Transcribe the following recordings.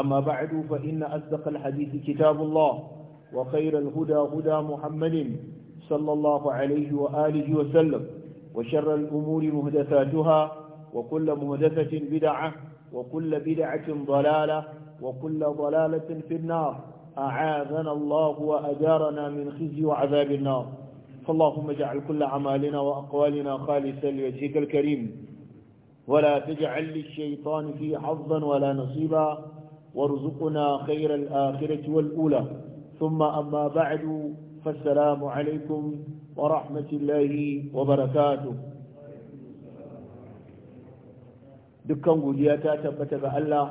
أما بعد فإن أصدق الحديث كتاب الله وخير الهدى هدى محمد صلى الله عليه وآله وسلم وشر الأمور مهدثاتها وكل مهدثة بدعة وكل بدعة ضلالة وكل ضلالة في النار أعاذنا الله وأجارنا من خزي وعذاب النار فاللهم اجعل كل عمالنا وأقوالنا خالصا لوجهك الكريم ولا تجعل للشيطان في حظا ولا نصيبا وارزقنا خير الآخرة والأولى ثم أما بعد فالسلام عليكم ورحمة الله وبركاته dukkan godiya ta tabbata ga Allah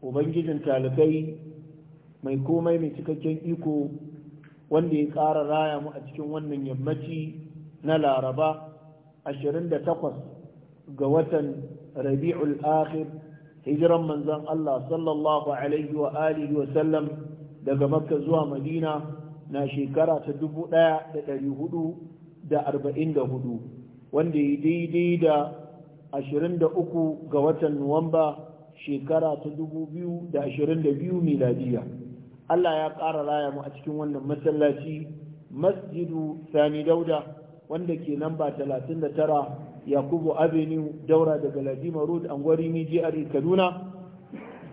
ubangijin talakai mai komai mai cikakken iko wanda ya ƙara raya mu a cikin wannan yammaci na laraba 28 ga watan rabi'ul akhir hijiran manzon Allah sallallahu alaihi wa alihi wa sallam daga makka zuwa madina na shekara ta 1444 wanda ya daidai da 23 ga watan nuwamba shekara ta 2022 miladiya Allah ya ƙara raya mu a cikin wannan masallaci masjidu sani dauda wanda ke namba 39 yakubu avenue daura daga ladima road angwarimi jihar kaduna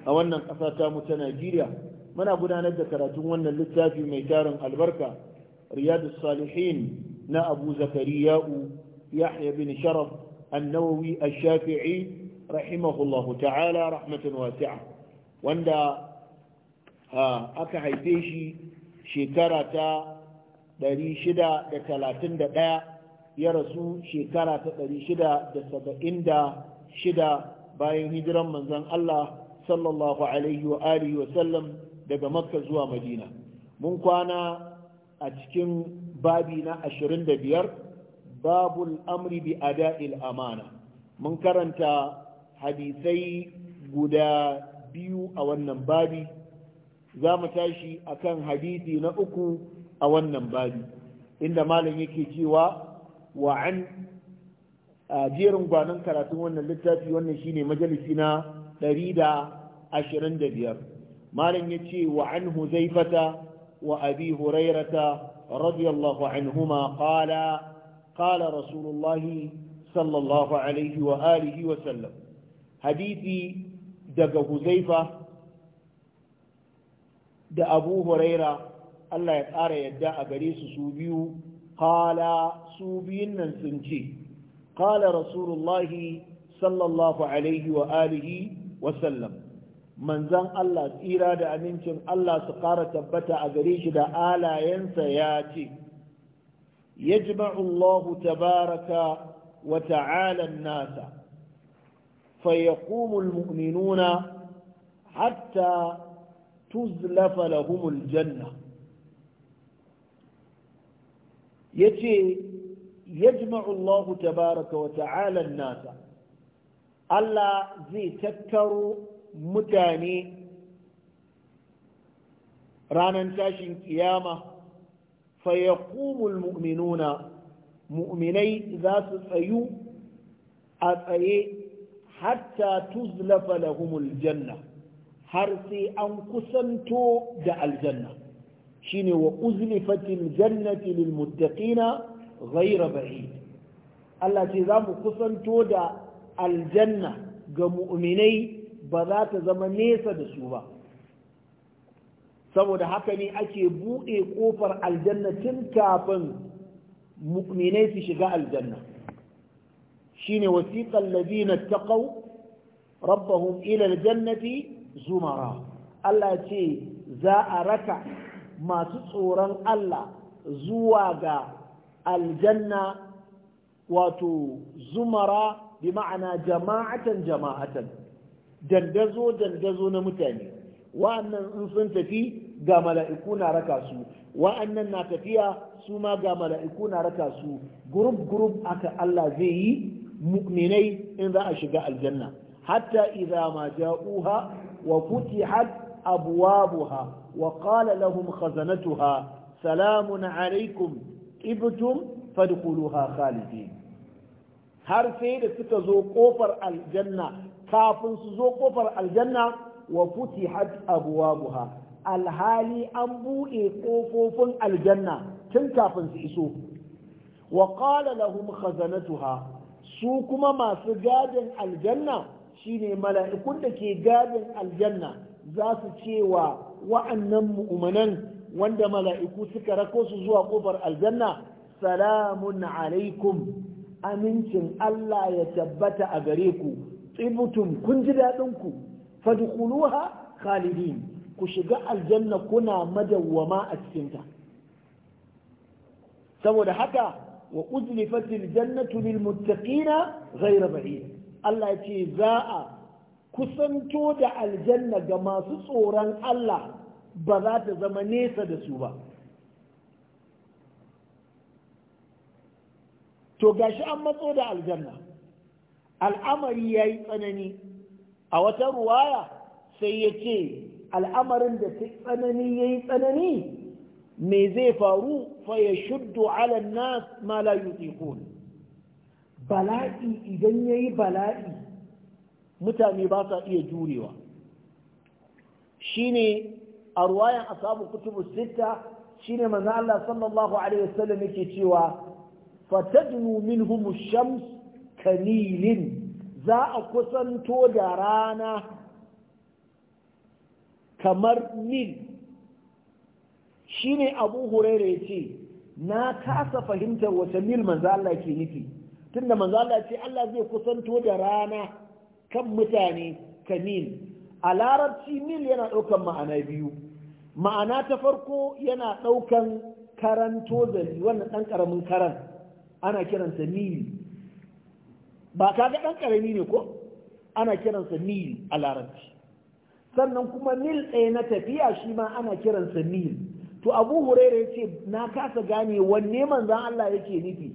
a wannan ƙasa ta mu ta najeriya muna gudanar da karatun wannan littafi mai tarin albarka riyadu salihin na abu zakariya'u yahya bin sharaf annawawi ash-shafi'i rahimahullahu ta'ala rahmatan wasi'a wanda aka haife shi shekara ta 631 ya rasu shekara ta ɗari shida da saba'in da shida bayan hijiran manzon Allah sallallahu alaihi wa alihi wa sallam daga makka zuwa madina mun kwana a cikin babi na ashirin da biyar babul amri bi ada'il amana mun karanta hadisai guda biyu a wannan babi za mu tashi akan hadisi na uku a wannan babi inda malam yake cewa wa an jerin gwanon karatun wannan littafi wannan shine majalisi na 125 malam yace wa an huzaifata wa abi hurairata radiyallahu anhuma qala qala rasulullahi sallallahu alaihi wa alihi wa sallam hadisi daga huzaifa da abu huraira Allah ya tsara yadda a gare su su biyu qala su biyun nan sun ce qala rasulullahi sallallahu alaihi wa alihi wa sallam manzan Allah tsira da amincin Allah su ƙara tabbata a gare shi da alayensa ya ce yajma'u Allah tabaraka wa ta'ala nasa fayaqumu mu'minuna hatta tuzlafa lahumul janna yace yajma'u Allah tabaraka wa ta'ala nasa Allah zai tattaro mutane ranar tashin kiyama fa mu'minuna mu'minai za su tsayu a tsaye hatta tuzlafa lahumul janna har sai an kusanto da aljanna shine wa uzlifatil jannati lil muttaqina ghayra ba'id Allah ce za mu kusanto da aljanna ga mu'minai ba za ta zama nesa da su ba saboda haka ne ake buɗe ƙofar aljanna tun kafin mu'minai su shiga aljanna shine wasiqal ladina taqaw rabbahum ila aljannati zumara Allah ce za a raka masu tsoron Allah zuwa ga aljanna wato zumara bi ma'ana jama'atan jama'atan dandazo dandazo na mutane wa'annan in sun tafi ga mala'iku na raka su wa'annan na tafiya su ma ga mala'iku na raka su gurub gurub aka Allah zai yi mu'minai in za a shiga aljanna hatta idza ma ja'uha wa futihat أبوابها وقال لهم خزنتها سلام عليكم ابتم فادخلوها خالدين har sai da suka zo kofar aljanna kafin su zo kofar aljanna wa futihat abwabuha alhali an buɗe kofofin aljanna tun kafin su iso wa qala lahum khazanatuha su kuma masu gadin aljanna shine mala'ikun da ke gadin aljanna za su cewa wa'annan mu'minan wanda mala'iku suka rako su zuwa kofar aljanna salamun alaikum amincin Allah ya tabbata a gare ku tsibutum kun ji daɗin ku fadkhuluha khalidin ku shiga aljanna kuna madawwama a cikinta saboda haka wa uzlifatil jannatu lil muttaqina ghayra ba'id Allah ya ce za a kusanto da aljanna ga masu tsoron Allah ba za ta zama nesa da su ba to gashi an matso da aljanna al'amari ya yi tsanani a wata ruwaya sai ya ce al'amarin da ta tsanani ya yi tsanani me zai faru fa ya shuddu alan nas ma la yutiqun bala'i idan yayi bala'i mutane ba sa iya jurewa shine a ruwayan kutubu sitta shine manzo Allah sallallahu alaihi wasallam yake cewa fatadnu minhum ash-shams kanilin za a kusanto da rana kamar nil shine abu huraira yace na kasa fahimtar wata nil manzo Allah ke nufi tunda manzo Allah ce Allah zai kusanto da rana kan mutane ka a larabci mil yana ɗaukan ma'ana biyu ma'ana ta farko yana ɗaukan karan tozali wannan ɗan ƙaramin karan ana kiransa mil ba kaga ɗan ƙarami ne ko ana kiransa mil a larabci sannan kuma mil ɗaya na tafiya shi ma ana kiransa mil to abu huraira ya ce na kasa gane wanne manzan Allah yake nufi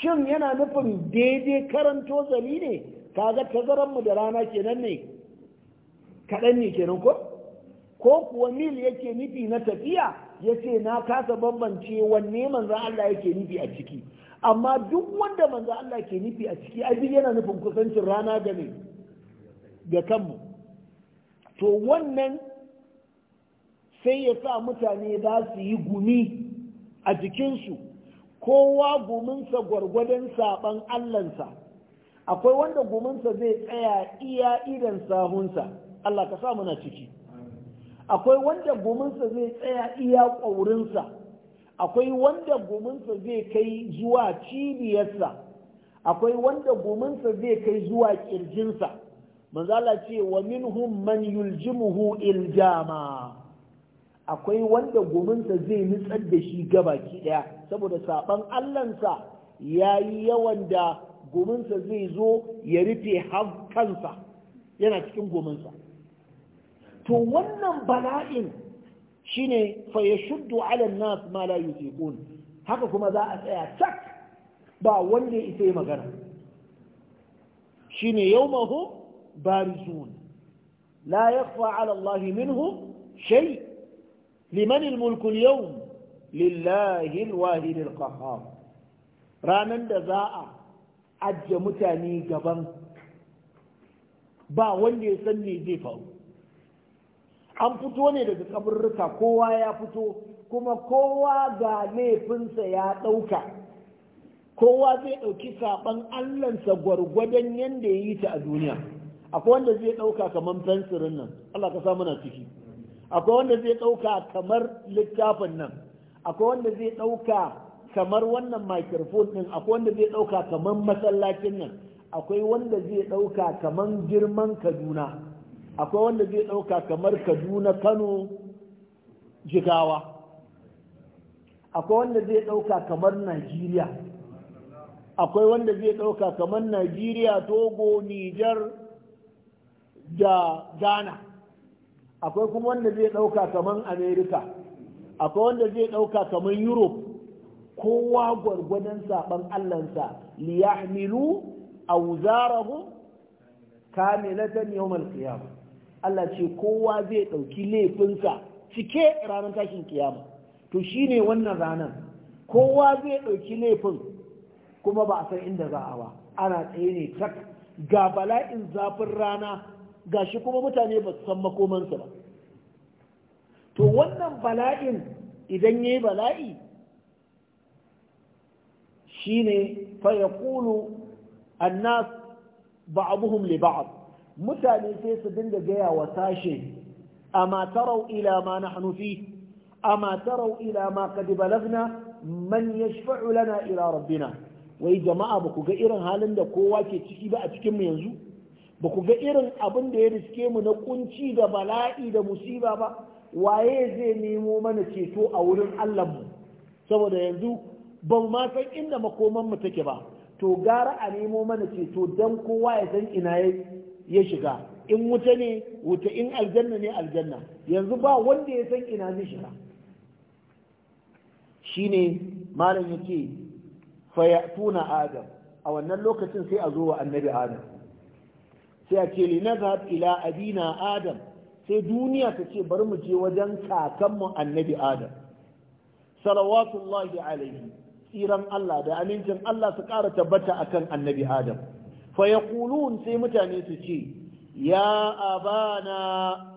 shin yana nufin daidai karanto zali ne kaga tazaran mu da rana kenan ne kaɗan ne kenan ko ko kuwa mil yake nufi na tafiya yace na kasa bambance wanne manzon Allah yake nufi a ciki amma duk wanda manzo Allah ke nufi a ciki abin yana nufin kusancin rana da ne ga kanmu to wannan sai ya sa mutane za su yi gumi a jikinsu kowa guminsa gwargwadon saɓan Allahnsa akwai wanda guminsa zai tsaya iya idan sahunsa Allah ka sa muna ciki akwai wanda guminsa zai tsaya iya ƙaurinsa akwai wanda guminsa zai kai zuwa cibiyarsa akwai wanda guminsa zai kai zuwa ƙirjinsa manzala ce wa minhum man yuljimuhu iljama akwai wanda guminsa zai nutsar da shi gabaki ɗaya saboda saban allansa ya yi yawan da gominsa zai zo ya rufe kansa yana cikin gominsa to wannan bala'in shine fa yashuddu ala nas ma la yutiqun haka kuma za a tsaya tak ba wanda ya isa magana shine yawmahu barizun la yakhfa ala Allah minhu shay liman al-mulku lillahi ranan da za'a ajiye mutane gaban ba wanda ya san me zai faru an fito ne daga kaburruka kowa ya fito kuma kowa ga laifinsa ya ɗauka kowa zai ɗauki saɓan allansa gwargwadon yadda ya yi ta a duniya akwai wanda zai ɗauka kamar fensirin nan allah ka samu na ciki akwai wanda zai ɗauka kamar littafin nan akwai wanda zai ɗauka kamar wannan microphone din akwai wanda zai ɗauka kamar masallacin nan akwai wanda zai ɗauka kamar girman kaduna akwai wanda zai ɗauka kamar kaduna kano jigawa akwai wanda zai ɗauka kamar najeriya akwai wanda zai ɗauka kamar najeriya togo nijar da ghana akwai kuma wanda zai ɗauka kamar america akwai wanda zai ɗauka kamar europe kowa gwargwadon saban allansa liyahmilu auzarahum kamilatan yawmal qiyamah Allah ce kowa zai dauki laifinsa cike ranar tashin kiyama to shine wannan ranar kowa zai dauki laifin kuma ba a san inda za a ba ana tsaye ne tak ga bala'in zafin rana gashi kuma mutane ba su san makomansa ba to wannan bala'in idan yayi bala'i shine fa yaqulu annas ba'dhum li ba'd mutane sai su dinga gaya wa sashe amma taraw ila ma nahnu fi amma taraw ila ma qad balagna man yashfa'u lana ila rabbina wai jama'a ba ku ga irin halin da kowa ke ciki ba a cikin mu yanzu ba ku ga irin abin da ya riske mu na kunci da bala'i da musiba ba waye zai nemo mana ceto a wurin Allah mu saboda yanzu ba ma san inda makoman mu take ba to gara a nemo mana ceto dan kowa ya san ina ya shiga in wuta ne wuta in aljanna ne aljanna yanzu ba wanda ya san ina zai shiga shine malam yake fayatuna adam a wannan lokacin sai a zo wa annabi adam sai a ce li nazhab ila abina adam sai duniya ta ce bari mu je wajen kakanmu annabi adam salawatullahi alaihi tsiran Allah da amincin Allah su ƙara tabbata a kan annabi Adam Faya ƙulun sai mutane su ce ya abana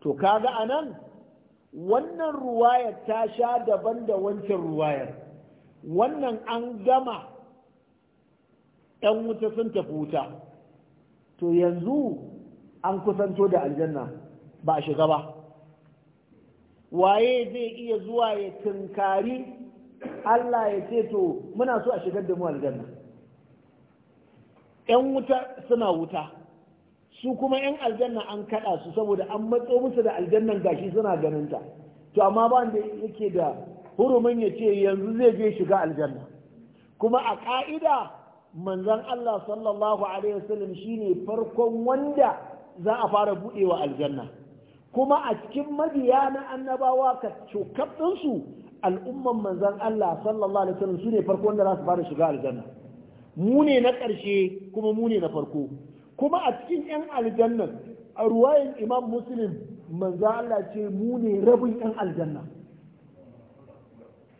to kaga anan wannan ruwayar ta sha daban da wancan ruwayar wannan an gama ‘yan wuta sun tafi wuta to yanzu an kusanto da aljanna ba a shiga ba waye zai iya zuwa ya tunkari Allah ya ce to muna so a shigar da mu aljanna ‘yan wuta suna wuta su kuma ‘yan aljanna an kaɗa su saboda an matso musu da aljannan gashi suna ganinta to amma ba da yake da hurumin ya ce yanzu zai je shiga aljanna kuma a ƙa'ida manzon Allah sallallahu alaihi wasallam shine farkon wanda za a fara buɗewa aljanna kuma a cikin mabiya na annabawa ka cokab ɗinsu al'umman manzan Allah sallallahu alaihi wasallam su ne farko wanda za su fara shiga aljanna mu ne na ƙarshe kuma mu ne na farko kuma a cikin ƴan aljannan a ruwayin imam muslim manzan Allah ce mu ne rabin ƴan aljanna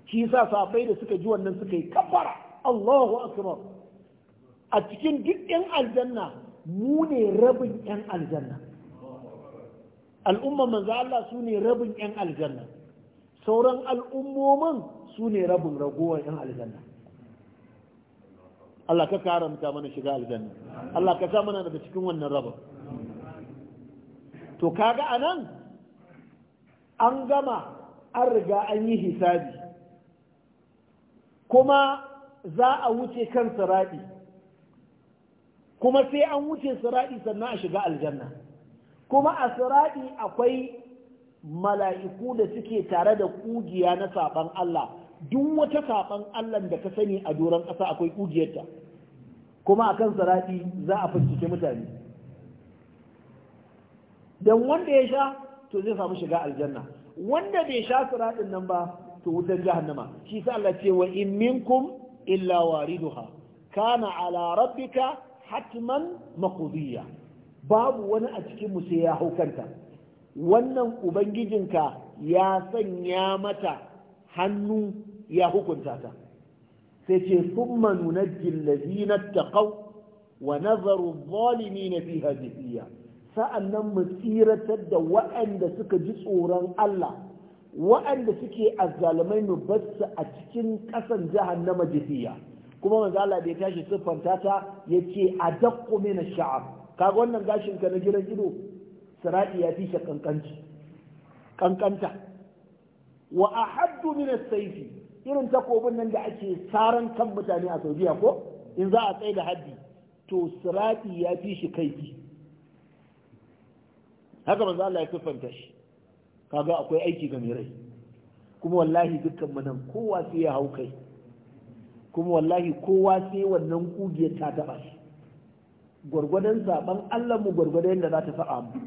shi sa sahabbai da suka ji wannan suka yi kafara Allahu akbar a cikin duk ƴan aljanna mu ne rabin ƴan aljanna al'umman manzo Allah su ne rabin 'yan aljanna sauran al'ummomin su ne rabin ragowar 'yan aljanna Allah ka karamta mana shiga aljanna Allah ka sa mana daga cikin wannan rabin to kaga anan an gama an riga an yi hisabi kuma za a wuce kan siraɗi kuma sai an wuce siraɗi sannan a shiga aljanna kuma a Saraɗi akwai mala'iku da suke tare da ƙugiya na saɓan Allah duk wata saɓan Allah da ka sani a doron ƙasa akwai ƙugiyarta. kuma akan Saraɗi za a fincike mutane Don wanda ya sha to zai samu shiga aljanna wanda bai sha siradin nan ba to wutar jahannama shi sa Allah ce wa in minkum illa wariduha kana ala rabbika hatman maqdiya babu wani a cikin mu sai ya haukanta wannan ubangijinka ya sanya mata hannu ya hukunta ta sai ce summa nunajjil ladina taqaw wa nazaru adh-dhalimin fiha jafiya sa'annan mu tsiratar da waɗanda suka ji tsoron Allah waɗanda suke azzalumai mu basu a cikin ƙasan jahannama jafiya kuma manzo Allah da ya tashi siffanta ta yace adaqqu min ash-sha'ab kaga wannan gashin ka na gidan ido siradi ya fi shi kankanci kankanta wa ahaddu min as sayf irin takobin nan da ake saran kan mutane a Saudiya ko in za a tsaye da haddi to siradi ya fi shi kaifi haka manzo Allah ya shi kaga akwai aiki ga Mirai. kuma wallahi dukkan mu kowa sai ya hau kai kuma wallahi kowa sai wannan kugiyar ta taba shi gwargwadon zaben Allah mu gwargwadon yadda za ta sa'a mu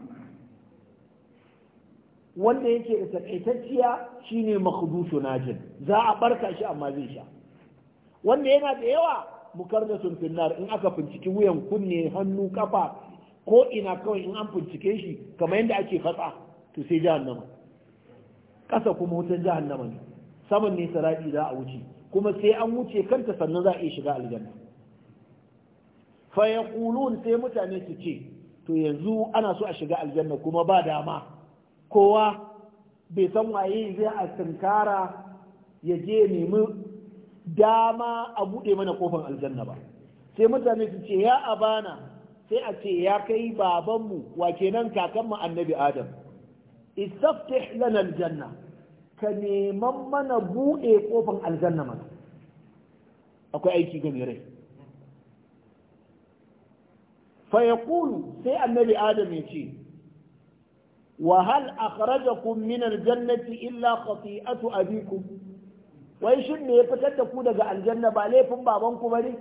wanda yake takaitacciya shine makhdusu najin za a barka shi amma zai sha wanda yana da yawa mu sun finnar in aka finciki wuyan kunne hannu kafa ko ina kawai in an fincike shi kamar yadda ake fatsa to sai jahannama kasa kuma wutan jahannama ne saman ne saradi za a wuce kuma sai an wuce kanta sannan za a iya shiga aljanna fa ƙulun sai mutane su ce to yanzu ana so a shiga aljanna kuma ba dama kowa bai san waye zai a tunkara ya je nemi dama a buɗe mana kofar aljanna ba sai mutane su ce ya abana sai a ce ya kai babanmu wa kenan kakanmu annabi adam istaftih lana aljanna ka neman mana buɗe kofar aljanna mana akwai aiki ga rai fa Kulu sai annabi adam ya ce wa hal akhrajakum min aljannati illa khati'atu abikum wai shin me ya fitar da ku daga aljanna ba laifin baban ku bane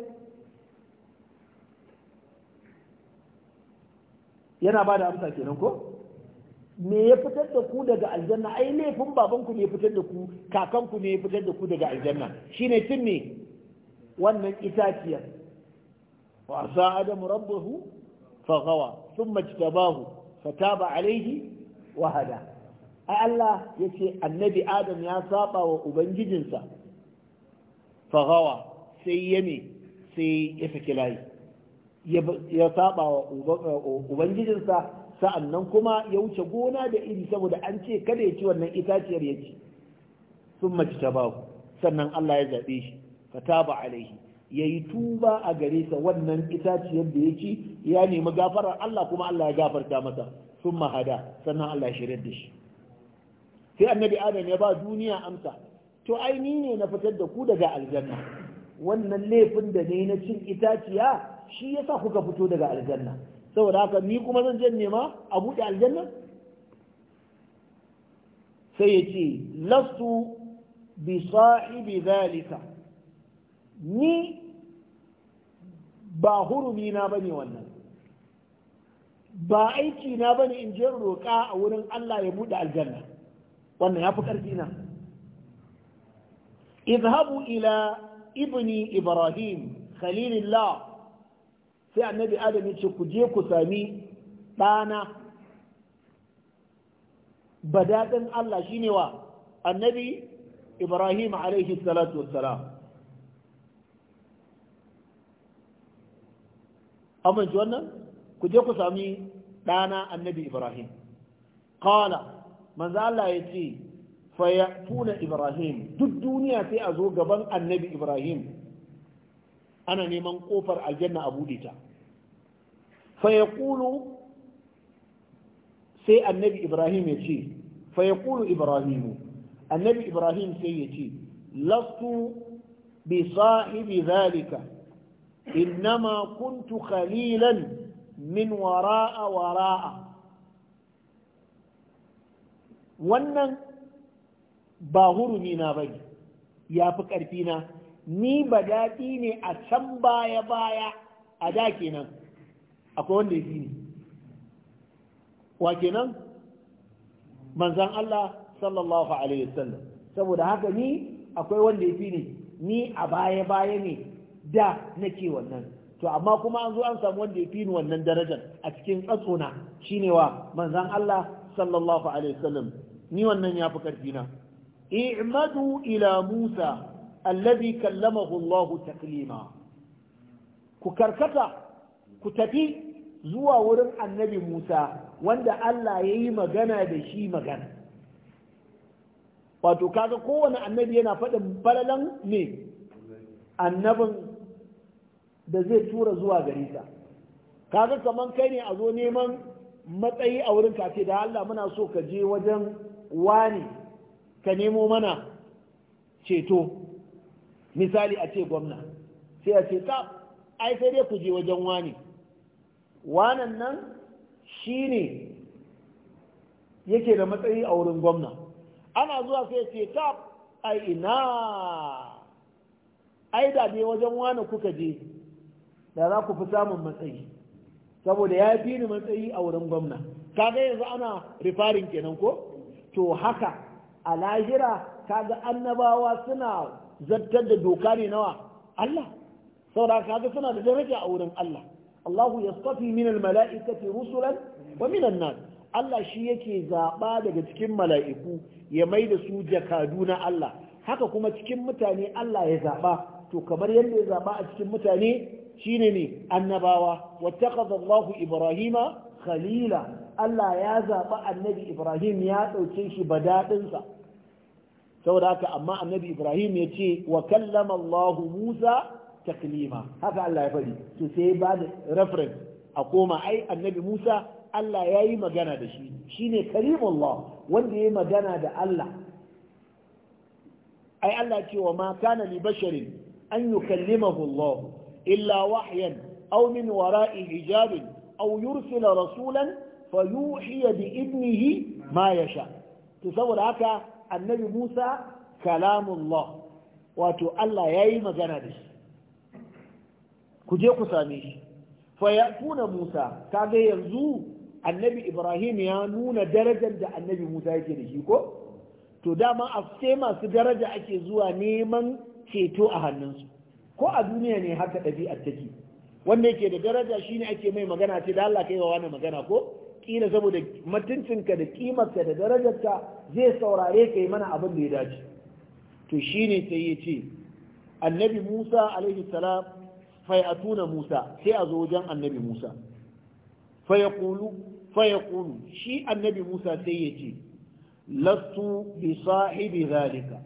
yana ba da amsa kenan ko me ya fitar da ku daga aljanna ai laifin baban ku ne ya fitar da ku kakan ku ne ya fitar da ku daga aljanna shine cin ne wannan itaciyar wa asa adam فغوى ثم اجتباه فتاب عليه وهدى الله يسي النبي آدم يا سابا وأبنججنسا فغوى سيمي سي يفكلاي ya saba wa ubangijinsa sa'annan kuma ya wuce gona da iri saboda an ce kada ya ci wannan itaciyar ya ci sun mace ta sannan Allah ya zaɓe shi ka taba alaihi ya yi tuba a gare sa wannan itaciyar da ya ci ya nemi gafarar Allah kuma Allah ya gafarta masa sun mahada sannan Allah ya shirya da shi sai annabi adam ya ba duniya amsa to ai ni ne na fitar da ku daga aljanna wannan laifin da ne na cin itaciya shi yasa kuka fito daga aljanna saboda haka ni kuma zan je nema a buɗe aljanna sai ya ce lastu bi sahibi zalika ni ba hurumi na bane wannan ba aiki na bane in je roƙa a wurin Allah ya buɗe aljanna wannan ya fi ƙarfi na izhabu ila ibni ibrahim khalilillah sai annabi adam ya ce ku je ku sami ɗana badaɗin Allah shine wa annabi ibrahim alaihi salatu amince wannan ku je ku sami ɗana annabi ibrahim qala manzo Allah ya ce fayatuna ibrahim duk duniya sai a zo gaban annabi ibrahim ana neman ƙofar aljanna a buɗe ta fayaqulu sai annabi ibrahim ya ce fayaqulu ibrahimu annabi ibrahim sai ya ce lastu bi sahibi zalika innama kuntu khalilan min wara'a wara'a wannan ba hurumi na bane ya fi ƙarfi na ni ba daɗi ne a can baya baya a da kenan akwai wanda ya fi ni wa kenan manzan Allah sallallahu alaihi wasallam saboda haka ni akwai wanda ya fi ni ni a baya baya ne da nake wannan to amma kuma an zo an samu wanda ya fi ni wannan darajar a cikin tsatsona shine wa Manzan Allah sallallahu alaihi wasallam ni wannan ya fi karfi na i'madu ila Musa allazi kallamahu Allah taklima ku karkata ku tafi zuwa wurin annabi Musa wanda Allah ya yi magana da shi magana wato kaga kowane annabi yana faɗin balalan ne annabin da zai tura zuwa gare ta kaga kaman kai ne a zo neman matsayi a wurin kace da Allah muna so ka je wajen wani ka nemo mana ceto misali a ce gwamna sai a ce ta ai sai dai ku je wajen wani wanan nan shine yake da matsayi a wurin gwamna ana zuwa sai ce ta ai ina ai da ne wajen wani kuka je da za ku fi samun matsayi saboda ya fi ni matsayi a wurin gwamna kaga yanzu ana rifarin kenan ko to haka a lahira kaga annabawa suna zartar da doka ne nawa Allah saboda kaga suna da daraja a wurin Allah Allahu yastafi min almala'ikati rusulan wa min an Allah shi yake zaba daga cikin mala'iku ya mai da su jakadu na Allah haka kuma cikin mutane Allah ya zaba to kamar yadda ya zaba a cikin mutane shine ne annabawa wattakaza Allahu Ibrahima khalila Allah ya zaɓi annabi Ibrahim ya ɗauke shi Sau da haka amma annabi Ibrahim ya ce wa kallama Allahu Musa taklima haka Allah ya faɗi to sai ba da reference a koma ai annabi Musa Allah ya yi magana da shi shine Allah. wanda ya magana da Allah ai Allah ce wa ma kana li basharin an yukallimahu Allah إلا وحيا أو من وراء حجاب أو يرسل رسولا فيوحي بإذنه ما يشاء تصور هكا النبي موسى كلام الله واتو الله ياي مغانا دش كجي قساميش فيأتون موسى كاغا ينزو النبي إبراهيم يانون درجة دا النبي موسى يكي دشيكو to dama a sai masu daraja ake zuwa neman ceto a hannunsu ko a duniya ne haka ɗabi'ar take wanda yake da daraja shine ake mai magana ce da Allah kai wa wani magana ko kila saboda mutuncinka da kimarka da darajarka zai saurare ka yi mana abin da ya dace to shine sai ya ce annabi Musa alaihi salam atuna Musa sai a zo wajen annabi Musa fai yaqulu shi annabi Musa sai ya ce lastu bi sahibi zalika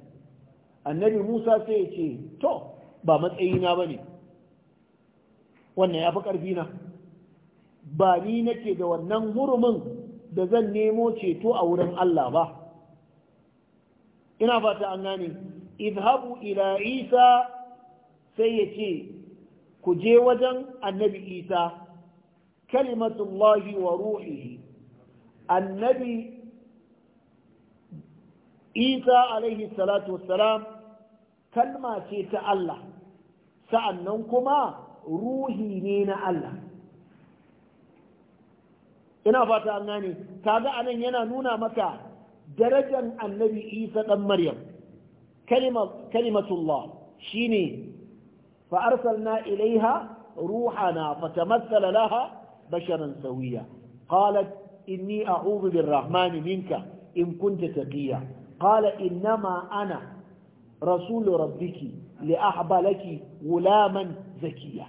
annabi Musa sai ya ce to ba matsayina ba ne wannan ya fi ƙarfi na ba ni nake da wannan hurumin da zan nemo ceto a wurin Allah ba ina fata an gane idhabu ila isa sai ya ce ku je wajen annabi isa kalimatullahi wa ruhihi annabi isa alaihi salatu wassalam kalma ce ta Allah sa'annan kuma ruhi ne na Allah ina fata an gane kaga anan yana nuna maka darajar annabi isa ɗan maryam kalimatullah shine fa na ilaiha na fata laha basharan sawiya qalat inni a'udhu birrahmani minka in kunta taqiya qala innama ana rasul rabbiki li ahbalaki gulaman zakiya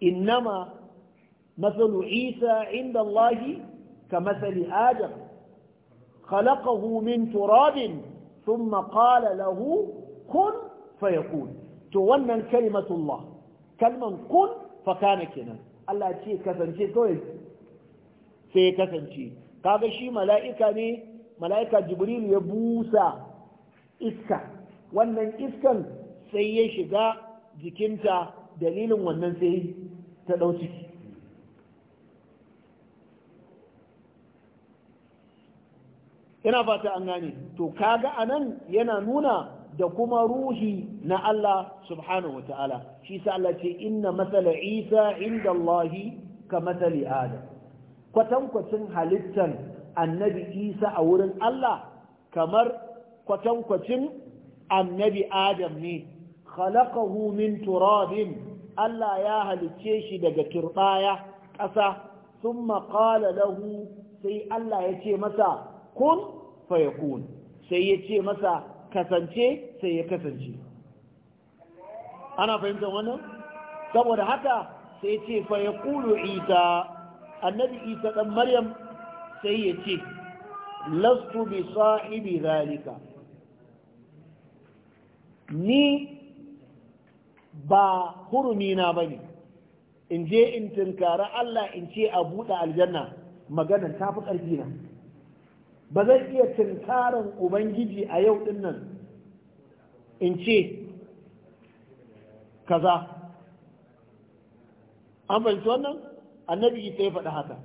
innama مثل عيسى عند الله كمثل آدم خلقه من تراب ثم قال له كن فيكون تونا كلمة الله كلمة كن فكان كنا الله يتشي كسنشي كويس sai kasance kaga shi mala'ika ne mala'ika jibril ya busa iska wannan iskan sai ya shiga jikinta dalilin wannan sai ta ɗauci ciki ina fata an gane to kaga anan yana nuna da kuma ruhi na Allah subhanahu wata'ala shi sa Allah ce inna masala Isa inda Allahi ka masali Adam kwatankwacin halittan annabi Isa a wurin Allah kamar kwatankwacin annabi adam ne khalaqahu min turabin Allah ya halicce shi daga turbaya ƙasa thumma qala lahu sai Allah ya ce masa kun fayakun sai ya ce masa kasance sai ya kasance ana fahimtar wannan saboda haka sai ce fayakulu isa annabi isa ɗan maryam sai ya ce lastu bi sahibi zalika ni ba hurumi na ba ne in je in tunkara Allah in ce a buɗe aljanna maganar ta fi ƙarfi na ba zai iya tunkarin ubangiji a yau ɗin nan in ce kaza an fahimci wannan annabi sai faɗi haka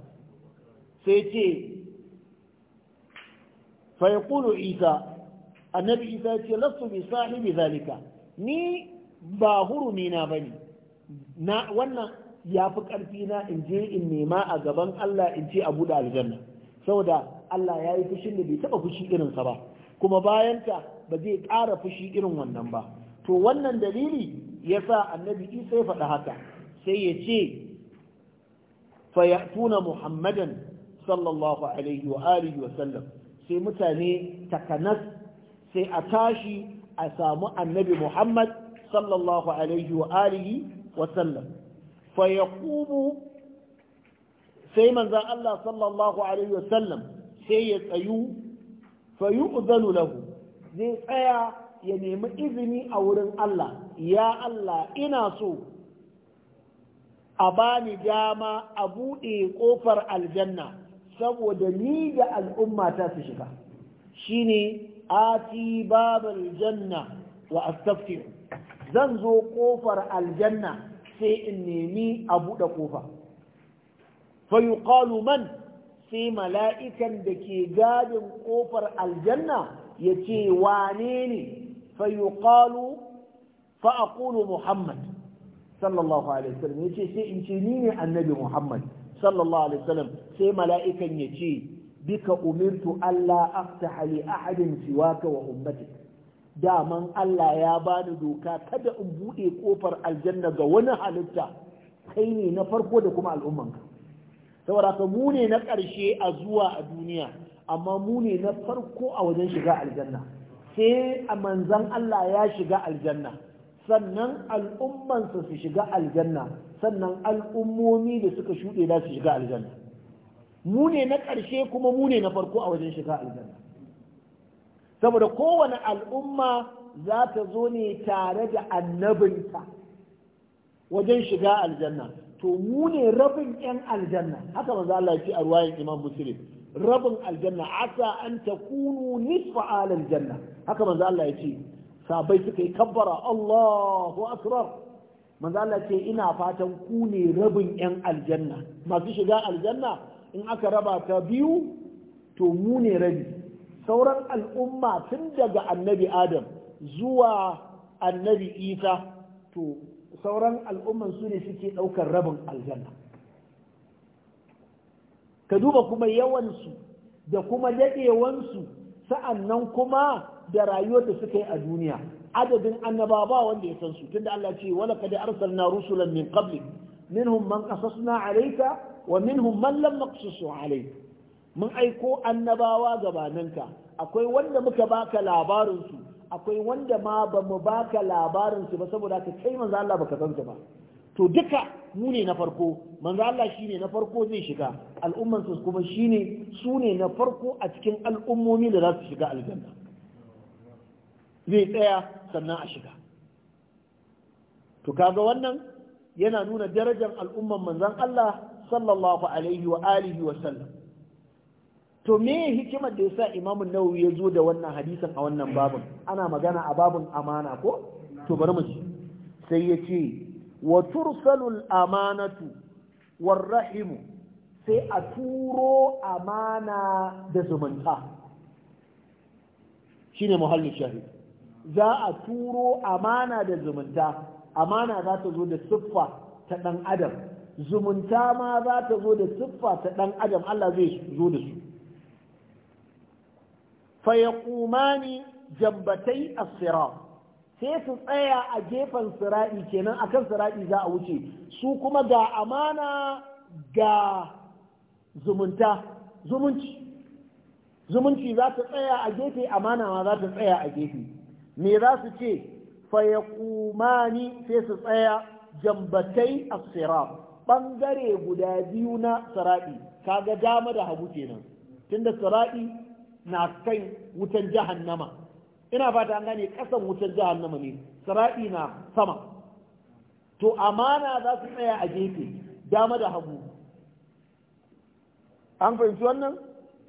sai ce fa ya isa annabi isa ya ce lasu bi sahibi zalika ni ba hurumi na bane na wannan ya fi ƙarfi na in je in nema a gaban Allah in ce a buɗe aljanna saboda Allah ya yi fushin da bai taɓa fushi irinsa ba kuma bayanta ba zai ƙara fushi irin wannan ba to wannan dalili ya sa annabi isa ya faɗa haka sai ya ce fayatuna muhammadan sallallahu alaihi wa alihi wa sallam sai mutane takanas sai a tashi a samu annabi Muhammad sallallahu alaihi wa alihi wa sallam fa yaqumu sai manzon Allah sallallahu alaihi wa sallam sai ya tsayu fa yu'zanu lahu zai tsaya ya nemi izini a wurin Allah ya Allah ina so a bani dama a buɗe ƙofar aljanna saboda ni da al'umma ta su shiga shine ati babal janna wa astaftih zan zo kofar aljanna sai in nemi a buɗe kofa fa yuqalu man sai mala'ikan da ke gadin kofar aljanna ya ce wane ne fa yuqalu fa aqulu muhammad sallallahu alaihi wasallam yace sai in ce ni ne annabi muhammad sallallahu alaihi wasallam sai mala'ikan ya ce bika umirtu Allah aftaha li ahadin siwaka wa ummatik daman Allah ya bani doka kada in bude kofar aljanna ga wani halitta kai ne na farko da kuma al'ummanka saboda ka mu ne na ƙarshe a zuwa a duniya amma mu ne na farko a wajen shiga aljanna sai a manzan Allah ya shiga aljanna sannan al'ummansa su shiga aljanna sannan al'ummomi da suka shuɗe za su shiga aljanna mu ne na ƙarshe kuma mu ne na farko a wajen shiga aljanna saboda kowane al'umma za ta zo ne tare da annabinta wajen shiga aljanna to mu ne rabin 'yan aljanna haka maza Allah ce a ruwayan imam muslim rabin aljanna asa an ta kunu nisfa alal janna haka maza Allah ya ce sabai suka yi kabbara Allahu akbar maza Allah ce ina fatan ku ne rabin 'yan aljanna masu shiga aljanna in aka raba ta biyu to mu ne rabi sauran al'umma tun daga annabi adam zuwa annabi isa to sauran al'umman su ne suke ɗaukar rabin aljanna ka duba kuma yawansu da kuma daɗewansu sa'annan kuma da rayuwar da suka yi a duniya adadin annaba ba wanda ya san su tunda Allah ce wala kad arsalna rusulan min qablik minhum man qasasna alayka wa minhum man lam naqsusu alayk mun aiko annabawa gabaninka akwai wanda muka baka labarin su akwai wanda ma ba mu baka labarin su ba saboda ka kai manzo Allah baka san ba to duka mu ne na farko manzo Allah shine na farko zai shiga al'umman su kuma shine su ne na farko a cikin al'ummomi da za su shiga aljanna zai tsaya sannan a shiga to kaga wannan yana nuna darajar al'umman manzon Allah sallallahu alaihi wa alihi wa sallam to me hikimar da yasa imamu Nawawi ya zo da wannan hadisin a wannan babin ana magana a babin amana ko to bari mu ji sai ya ce wa al amanatu war sai a turo amana da zumunta shine muhallin shahid za a turo amana da zumunta amana za ta zo da siffa ta dan adam zumunta ma za ta zo da siffa ta ɗan adam Allah zai zo da su fayaqumani jambatai a sai su tsaya a gefen sira'i kenan akan sira'i za a wuce su kuma ga amana ga zumunta zumunci zumunci za ta tsaya a gefe amana ma za ta tsaya a gefe me za su ce fayaqumani sai su tsaya jambatai a ɓangare guda biyu na sara'i kaga dama da hagu kenan tunda sara'i na kan wutan jahannama ina fata an gane ƙasan wutan jahannama ne sara'i na sama to amana za su tsaya a gefe dama da hagu an fahimci wannan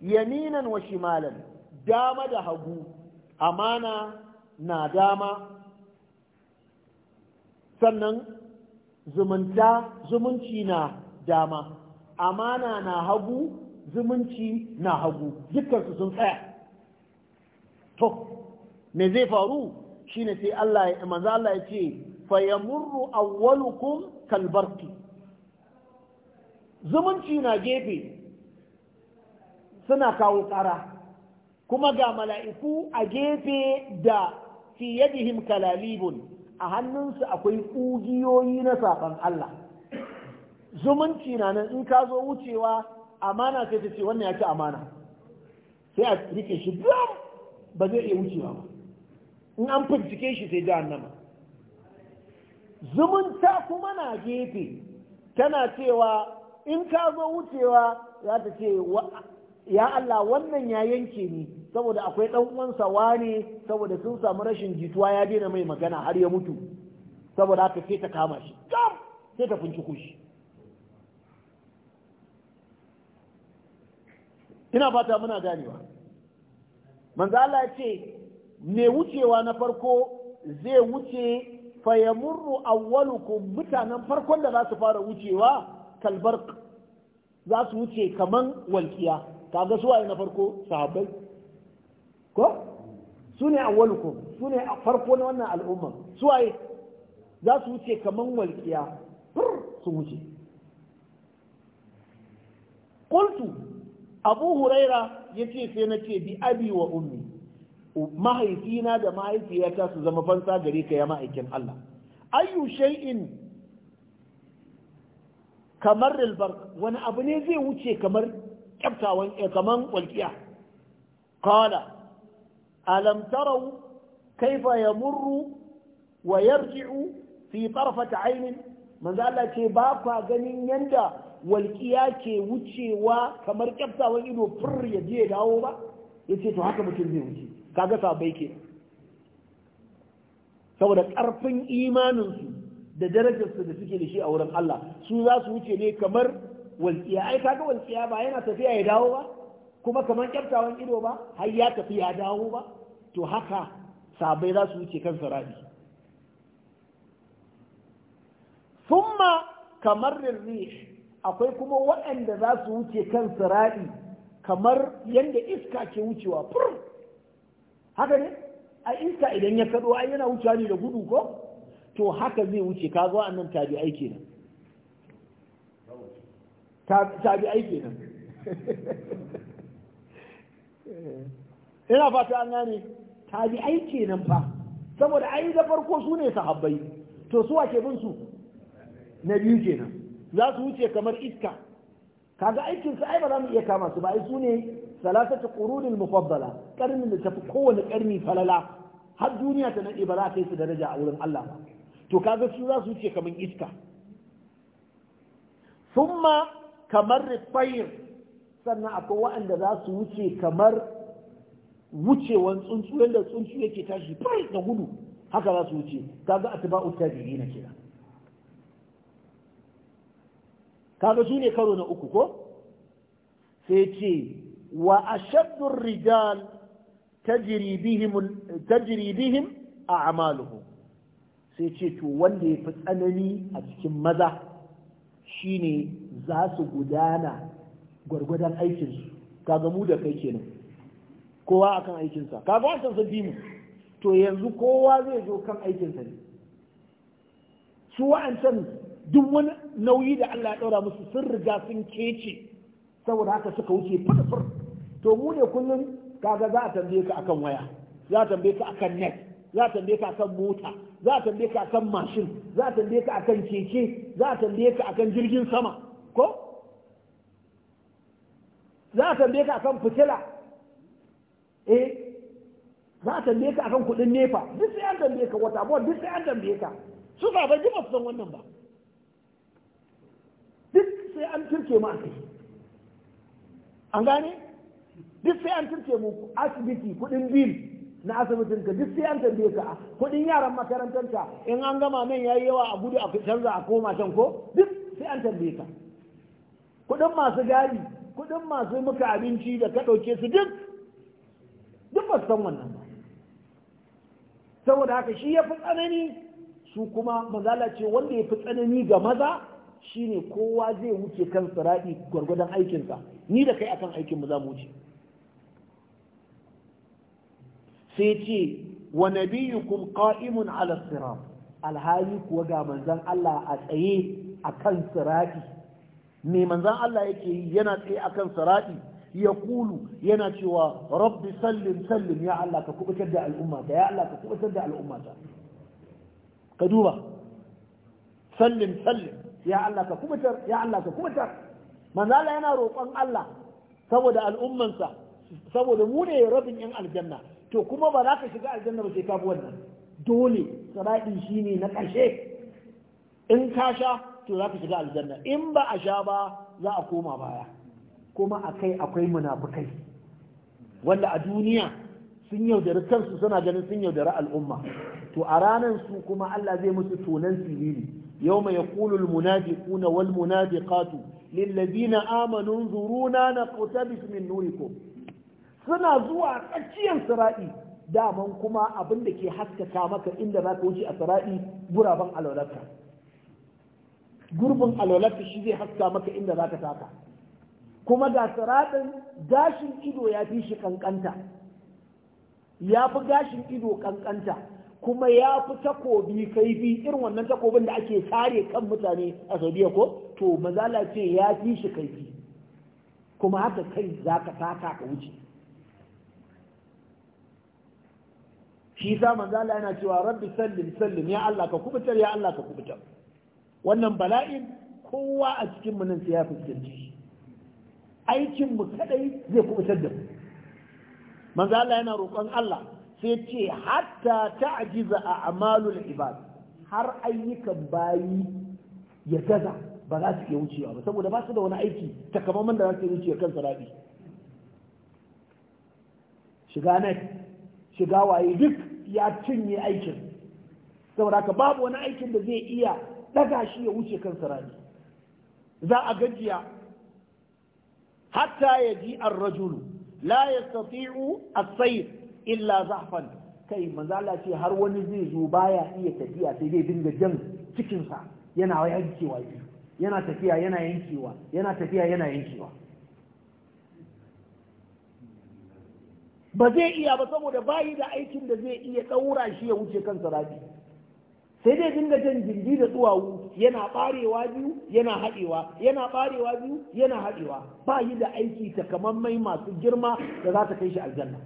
yaminan wa shimalan dama da hagu amana na dama sannan zumunta zumunci na dama amana na hagu zumunci na hagu dukkansu sun tsaya to me zai faru shine sai Allah ya manzo Allah ya ce fayamurru awwalukum kalbarki zumunci na gefe suna kawo kara kuma ga mala'iku a gefe da fi yadihim kalalibun a hannunsu akwai ƙugiyoyi na saƙon Allah zumunci na nan in ka zo wucewa amana sai ta ce wannan ya ci amana sai a rike shi gam ba zai iya wucewa ba in an fincike shi sai jahannama zumunta kuma na gefe tana cewa in ka zo wucewa za ta ce ya Allah wannan ya yanke ni saboda akwai ɗan uwansa wane saboda sun samu rashin jituwa ya daina mai magana har ya mutu saboda haka sai ta kama shi kam sai ta kunci shi ina fata muna ganewa manzo Allah ya ce me wucewa na farko zai wuce fayamurru awwalukum mutanen farkon da za su fara wucewa kalbar za su wuce kaman walkiya kaga su waye na farko sahabbai ko su ne awwalukum su ne a farko na wannan al'umma su waye za su wuce kaman walƙiya fur su wuce qultu abu huraira yace sai na ce bi abi wa ummi mahaifina da mahaifiyata su zama fansa gare ka ya ma'aikin Allah ayyu shay'in kamar rilbar wani abu ne zai wuce kamar kyaftawan eh, kaman walƙiya qala alam taraw kaifa yamurru wa yarji'u fi tarfat manzo Allah ce ba kwa ganin yanda walƙiya ke wucewa kamar kyaftawan ido fur ya je dawo ba yace to haka mutum zai wuce kaga sabai ke saboda ƙarfin imaninsu da darajarsu da suke da shi a wurin Allah su za su wuce ne kamar walƙiya ai kaga walƙiya ba yana tafiya ya dawo ba kuma kamar kyaftawan ido ba har ya tafi ya dawo ba to haka sabai za su wuce kan rabi summa kamar rih akwai kuma waɗanda za su wuce kan rabi kamar yadda iska ke wucewa fur haka ne a iska idan ya kaɗo ai yana wucewa ne da gudu ko to haka zai wuce ka zo annan tabi'ai kenan ta bi aiki nan ina fata an gane ta bi nan fa saboda ai da farko su ne sahabbai to su wake bin su na biyu kenan za su wuce kamar iska kaga aikin su ai ba za mu iya kama su ba ai su ne salatatu qurunil mufaddala karnin da tafi kowane karni falala har duniya ta nade ba za ta yi su daraja a wurin Allah ba to kaga su za su wuce kamar iska thumma kamar rifayir sannan akwai waɗanda za su wuce kamar wucewan tsuntsu yadda tsuntsu yake tashi fai da gudu haka za su wuce kaga atba'u tabi'i na kira kaga su ne karo na uku ko sai ce wa ashaddu rijal tajri bihim tajri bihim a'maluhum sai ce to wanda ya fi tsanani a cikin maza shine za su gudana gwargwadon aikinsu kaga mu da kai kenan kowa akan aikinsa kaga wancan sun bi mu to yanzu kowa zai zo kan aikinsa ne su wa'ancan duk wani nauyi da Allah ya ɗaura musu sun riga sun kece saboda haka suka wuce furfur to mu ne kullum kaga za a tambaye ka akan waya za a tambaye ka akan net za a tambaye ka akan mota za a tambaye ka akan mashin za a tambaye ka akan keke za a tambaye ka akan jirgin sama ko za a tambaye ka akan fitila eh za a tambaye ka akan kudin nefa duk sai an tambaye ka wata bo duk sai an tambaye ka su ba bai jima su san wannan ba duk sai an turke mu a an gane duk sai an turke mu asibiti kudin bil na asibitin ka duk sai an tambaye ka kuɗin yaran makarantar ka in an gama nan yayi yawa a gudu a canza a koma can ko duk sai an tambaye ka kuɗin masu gari kuɗin masu muka abinci da ka ɗauke su duk duk ba san wannan ba saboda haka shi ya fi tsanani su kuma mazala ce wanda ya tsanani ga maza shine kowa zai wuce kan siraɗi gwargwadon aikinsa ni da kai akan aikin mu za mu wuce sai ce wa nabiyukum qa'imun ala sirat alhali kuwa ga manzon Allah a tsaye akan sirati me manzon Allah yake yi yana tsaye akan sirati ya kulu yana cewa rabbi sallim sallim ya Allah ka kubutar da al'ummata ya Allah ka kubutar da al'ummata ka duba sallim sallim ya Allah ka kubutar ya Allah ka kubutar manzo Allah yana roƙon Allah saboda al'ummansa saboda mu ne rabin yan aljanna to kuma ba za ka shiga aljanna ba sai ka wannan dole saraɗi shine na ƙarshe in ka sha to za ka shiga aljanna in ba a sha ba za a koma baya kuma akai akwai munafukai wanda a duniya sun yaudari kansu suna ganin sun yaudari al'umma to a ranar su kuma Allah zai musu tonan siriri يوم يقول المنافقون والمنافقات للذين آمنوا انظرونا نقتبس من نوركم suna zuwa tsakiyar sara'i daman kuma abin da ke haskaka maka inda za ka wuce a sara'i guraben alwalarka gurbin alwalarka shi zai haska maka inda za ka taka kuma ga sara'in gashin ido ya fi shi kankanta ya fi gashin ido kankanta kuma ya fi takobi kaifi irin wannan takobin da ake kare kan mutane a saudiya ko to mazala ce ya fi shi kaifi kuma haka kai za ka taka ka wuce shi sa manzo Allah yana cewa rabbi sallim sallim ya Allah ka kubutar ya Allah ka kubutar wannan bala'in kowa a cikin mu nan sai ya fuskanci aikin mu kadai zai kubutar da mu manzo Allah yana roƙon Allah sai ce hatta ta'jiza a'malul ibad har ayyukan bayi ya gaza ba za su iya wucewa ba saboda ba su da wani aiki takamaiman da za su iya kan sarabi shiga net shiga waye duk ya cinye aikin saboda ka babu wani aikin da zai iya daga shi ya wuce kansa rani za a gajiya hatta ya ji ar-rajulu la yastati'u as-sayr illa zafan kai manzala ce har wani zai zo baya iya tafiya sai dai dinga jan cikinsa yana yankewa yana tafiya yana yankewa yana tafiya yana yankewa ba zai iya ba saboda bayi da aikin da zai iya ɗaura shi ya wuce kansa rabi sai dai dinga jan jirgi da duwawu yana barewa biyu yana haɗewa yana barewa biyu yana haɗewa ba yi da aiki takamammai masu girma da za ta kai shi aljanna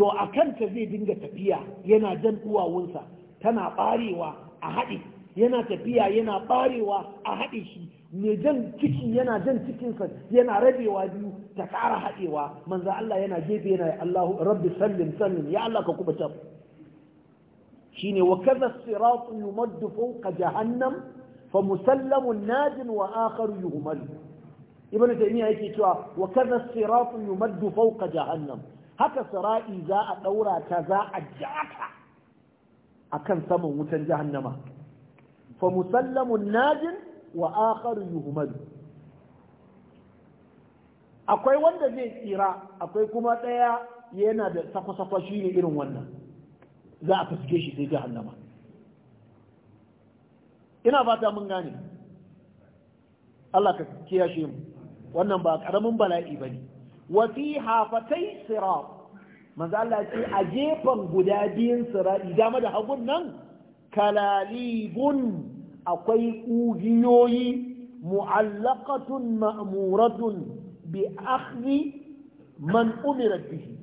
to a kanta zai dinga tafiya yana jan duwawunsa tana barewa a haɗe yana tafiya yana barewa a haɗe shi mai jan ciki yana jan cikinsa yana rabewa biyu ta ƙara haɗewa manzo Allah yana gefe yana Allahu rabbi sallim sallim ya Allah ka kuma can shine wa kaza siratu yumaddu fawqa jahannam fa musallamun najin wa akharu yuhmal ibnu taymiya yake cewa wa kaza siratu yumaddu fawqa jahannam haka sira'i za a daura ta za a jaka akan saman wutan jahannama fa musallamun najin wa akharu akwai wanda zai tsira akwai kuma ɗaya yana da sakwasakwa shi ne irin wannan za a fuske shi sai jahannama ina fata mun gane Allah ka kiyashe mu wannan ba karamin bala'i bane wa fi hafatai sirat manzo Allah ce a gefen guda biyun sirati dama da hagun nan kalalibun akwai ƙugiyoyi mu'allaqatun ma'muratun bi akhdhi man umira bihi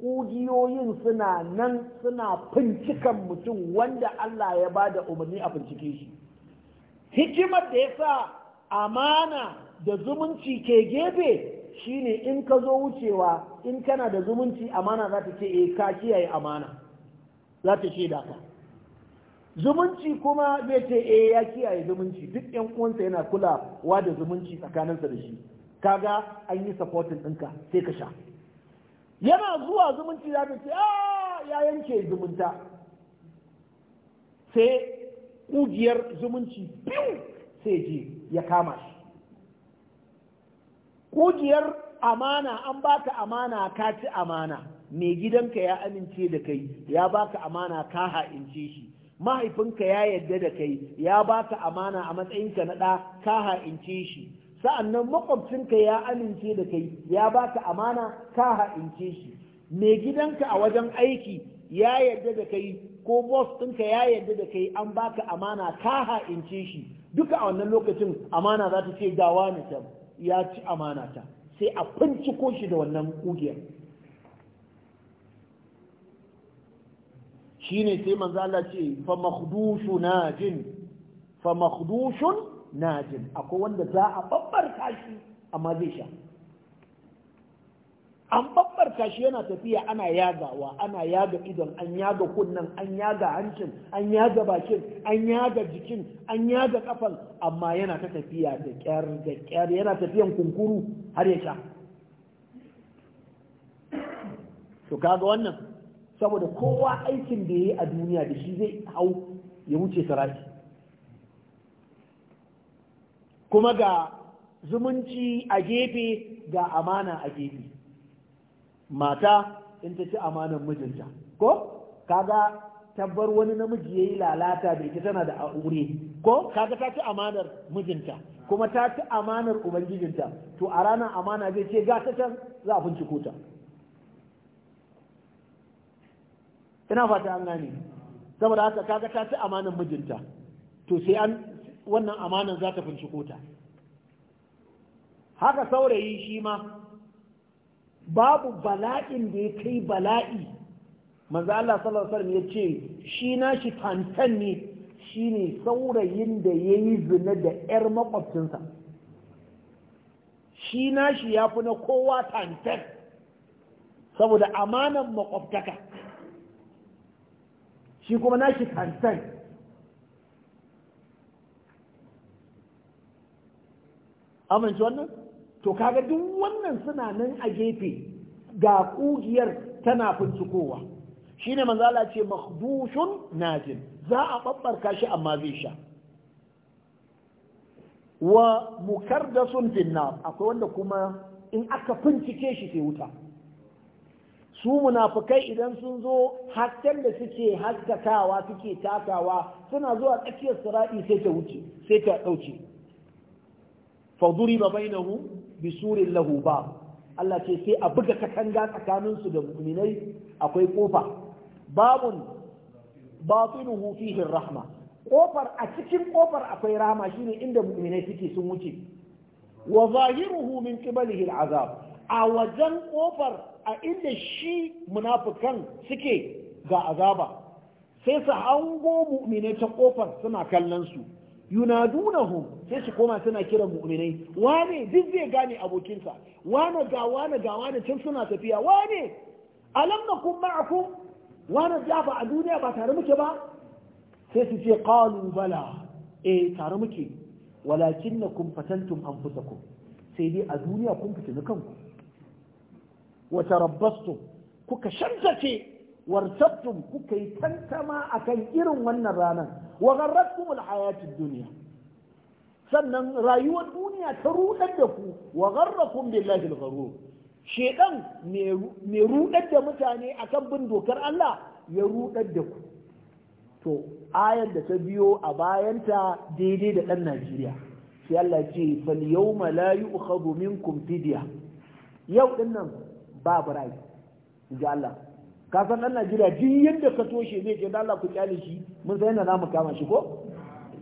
ƙugiyoyin suna nan suna fincikan mutum wanda Allah ya ba da umarni a fincike shi hikimar da yasa amana da zumunci ke gefe shine in ka zo wucewa in kana da zumunci amana za ta ce eh ka kiyaye amana za ta ce da ka zumunci kuma zai ce eh ya kiyaye zumunci duk yan uwansa yana kulawa da zumunci tsakaninsa da shi kaga an yi supporting ɗinka sai ka sha yana zuwa zumunci za ta ce ah, ya yanke zumunta sai ƙugiyar zumunci biyu sai je ya kama shi Ƙugiyar amana an baka amana ka ci amana mai gidanka ya amince da kai ya baka amana ka ha'ince shi mahaifinka ya yadda da kai ya baka amana a matsayinka na ɗa ka ha'ince shi sa'annan makwabcinka ya amince da kai ya baka amana ka ha'ince shi mai gidanka a wajen aiki ya yadda da kai ko boss ɗinka ya yadda da kai an baka amana ka ha'ince shi duka a wannan lokacin amana za ta ce gawa na can ya ci amana ta sai a ko shi da wannan ƙugiyar shine sai manzo Allah ce fa makhdushun najin fa makhdushun najin akwai wanda za a babbarka shi amma zai sha an babbarka shi yana tafiya ana yagawa ana yaga idon an yaga kunnan, an yaga hancin an yaga bakin an yaga jikin an yaga kafan amma yana ta tafiya da kyar da kyar yana tafiyan kunkuru har ya sha to kaga wannan saboda kowa aikin da ya yi a duniya da shi zai hau ya wuce sarari kuma ga zumunci a gefe ga amana a gefe mata in ta ci amanan mijinta ko kaga tabbar wani namiji ya yi lalata da ita tana da aure ko kaga ta ci amanar mijinta kuma ta ci amanar ubangijinta to a ranar amana zai ce ga can za a binciko ta ina fata an gane saboda haka kaga ta ci amanan mijinta to sai an wannan amanan za ta binciko ta haka saurayi shi ma babu bala'in da ya kai bala'i manzo Allah sallallahu alaihi wasallam ce shi na shi tantan ne shine saurayin da yayi zina da ƴar makwabcinsa shi na shi yafi na kowa tantan saboda amanan makwabtaka shi kuma nashi kansan amince wannan to kaga duk wannan suna nan a gefe ga kugiyar tana fincikowa shine manzala ce makhdushun najin za a babbarka shi amma zai sha wa mukardasun binna akwai wanda kuma in aka fincike shi sai wuta su munafukai idan sun zo hasken da suke haskakawa suke takawa suna zuwa tsakiyar sira'i sai ta wuce sai ta dauce fa duriba bainahu bi surin lahu ba. Allah ce sai a buga katanga tsakanin su da mu'minai akwai kofa babun batinuhu fihi rahma kofar a cikin kofar akwai rahma shine inda mu'minai suke sun wuce wa zahiruhu min qibalihi al'azab a wajen kofar a inda shi munafukan suke ga azaba sai su hango mu'minai ta kofar suna kallon su yunadunahum sai su koma suna kiran mu'minai wane duk zai gane abokinsa wane ga wane ga wane tun suna tafiya wane alam nakum ma'akum wane dafa a duniya ba tare muke ba sai su ce qalu bala eh tare muke walakinnakum fatantum anfusakum sai dai a duniya kun fitini kanku wa tarabbastum kuka shantace wartabtum kuka yi tantama akan irin wannan ranar wa gharratkum alhayatid dunya sannan rayuwar duniya ta rudar da ku wa gharrakum billahi algharur shedan me rudar da mutane akan bin dokar Allah ya rudar da ku to ayar da ta biyo a bayanta daidai da ɗan Najeriya sai Allah ce fal yawma la yu'khadhu minkum fidya yau dinnan ba burai inji Allah ka san dan Najeriya duk yadda ka toshe zai ce dan Allah ku kyale shi mun san yana mu kama shi ko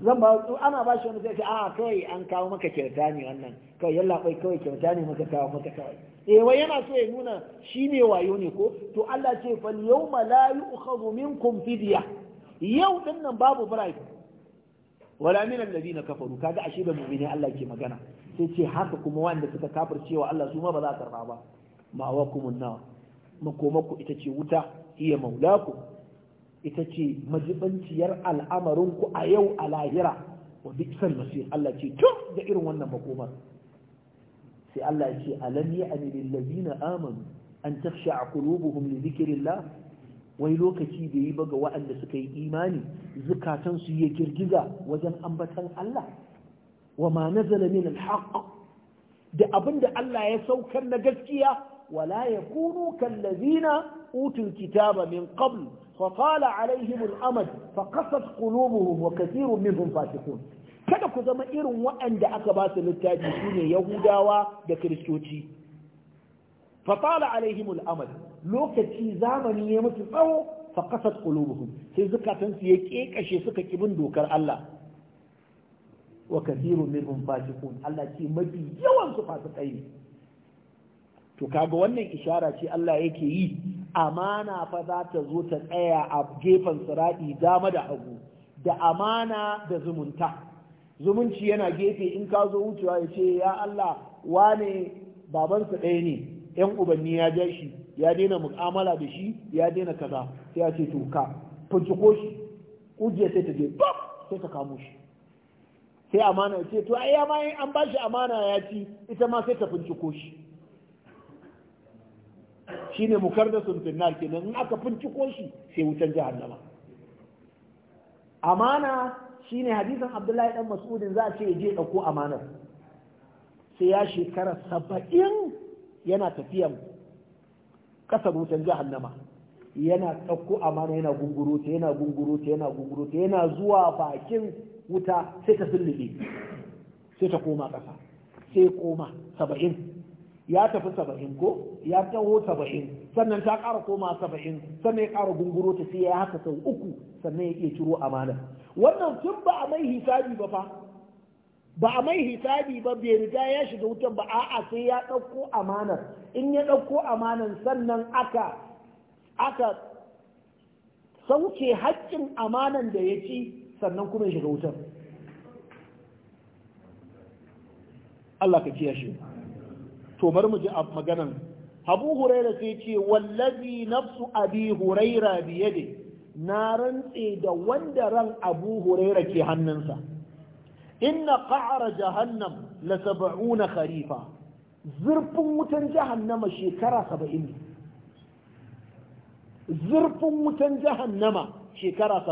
zan ba ana ba shi wani sai ce a kawai an kawo maka kyauta ne wannan kai yalla kai kawai kyauta ne maka kawo maka kawai eh wai yana so ya nuna shi ne wayo ne ko to Allah ce fal yawma la yu'khadhu minkum fidya yau din nan babu bribe wala min alladhina kafaru kaga ashe da mu'mini Allah ke magana sai ce haka kuma wanda suka kafircewa Allah su ma ba za a karba ba ma'awakumun nawa? makomaku ita ce wuta iya maulaku ita ce majibanciyar al'amarinku a yau a lahira wa bisan masir Allah ce tun da irin wannan makomar sai Allah a ce alam ya'ni na ladina amanu an tafsha'a qulubuhum li dhikrillah wai lokaci da yi ba ga waɗanda suka yi imani zukatan su ya girgiza wajen ambatan Allah wa ma nazala min da abinda Allah ya saukar na gaskiya ولا يكونوا كالذين أوتوا الكتاب من قبل فطال عليهم الأمد فقصت قلوبهم وكثير منهم فاسقون kada ku zama irin waɗanda aka ba su littafi su ne yahudawa da kiristoci fatala alaihimul amal lokaci zamani ya mutu tsawo faqasat qulubuhum sai zukatan su ya kekashe suka kibin dokar Allah wa kathirun minhum fasiqun Allah ce mafi yawan su fasikai ne to kaga wannan ishara ce Allah yake yi amana fa za ta zo ta tsaya a gefen siradi dama da hagu da amana da zumunta zumunci yana gefe in ka zo wucewa ya ce ya Allah wane babansa ɗaya ne yan ubanni ya ja shi ya daina mu'amala da shi ya daina kaza sai ya ce to ka ko shi kujiya sai ta je bam sai ta kamo shi sai amana ya ce to ai ma an ba shi amana ya ci ita ma sai ta ko shi shine mukardasun finnar kenan in aka finciko shi sai wutan jahannama amana shine hadisin abdullahi dan mas'udin za a ce je dauko amanar sai ya shekara saba'in yana tafiyan kasar wutan jahannama yana dauko amana yana ta yana ta yana ta yana zuwa bakin wuta sai ta sullube sai ta koma ƙasa sai koma saba'in ya tafi saba'in ko ya taho saba'in sannan ta ƙara koma saba'in sannan ya ƙara gunguro ta sai ya haka sau uku sannan ya iya ciro amana wannan tun ba a mai hisabi ba fa ba a mai hisabi ba bai riga ya shiga wutar ba a'a sai ya ɗauko amanar in ya ɗauko amanar sannan aka aka sauke haƙƙin amanar da ya ci sannan kuma ya shiga wutar Allah ka ciya to bari mu ji maganan Abu Huraira sai ce wallazi nafsu Abi Huraira ne na rantse da wanda ran Abu Huraira ke hannunsa inna qa'ra jahannam la 70 kharifa zurfin wutan jahannama shekara 70 zurfin wutan jahannama shekara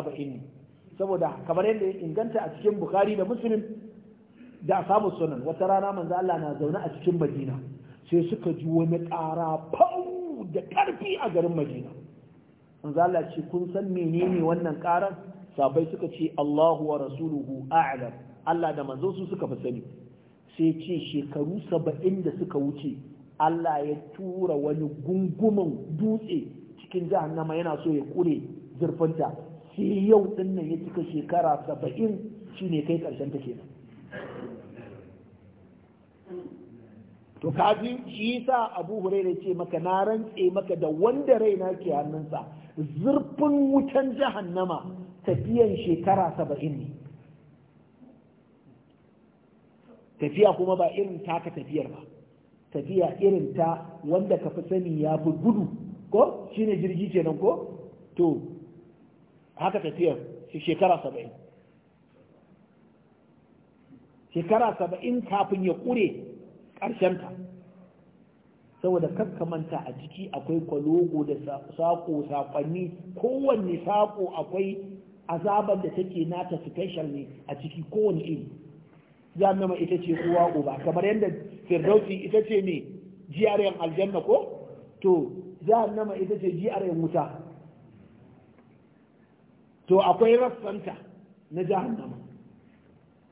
saboda kamar yadda ya inganta a cikin Bukhari da Musulun da samu sunan wata rana manzo Allah na zaune a cikin Madina sai suka ji wani ƙara fau da ƙarfi a garin madina manzala ce kun san menene wannan ƙarar sabai suka ce Allahu wa rasuluhu a'lam Allah da manzo su suka fi sani sai ce shekaru saba'in da suka wuce Allah ya tura wani gungumin dutse cikin jahannama yana so ya ƙure zurfinta sai yau dinnan ya cika shekara saba'in shine kai karshen ta nan. to kaji shi yasa Abu hurairu ce maka na rantse maka da wanda raina ke hannunsa zurfin wutan jahannama tafiyan shekara saba'in ne tafiya kuma ba irin taka tafiyar ba tafiya irin ta wanda ka fi sani ya fi gudu ko shi ne jirgi nan ko to haka tafiyar shekara saba'in shekara saba'in kafin ya kure ƙarshenta saboda kakkamanta a ciki akwai kwalogo da saƙo saƙonni kowanne saƙo akwai azabar da take nata special ne a ciki kowanne iri Za a nama ita ce uwa uba kamar yadda firdausi ita ce ne jiyaryan aljanna ko to za a nama ita ce jiyaryan wuta to akwai rassanta na jahannama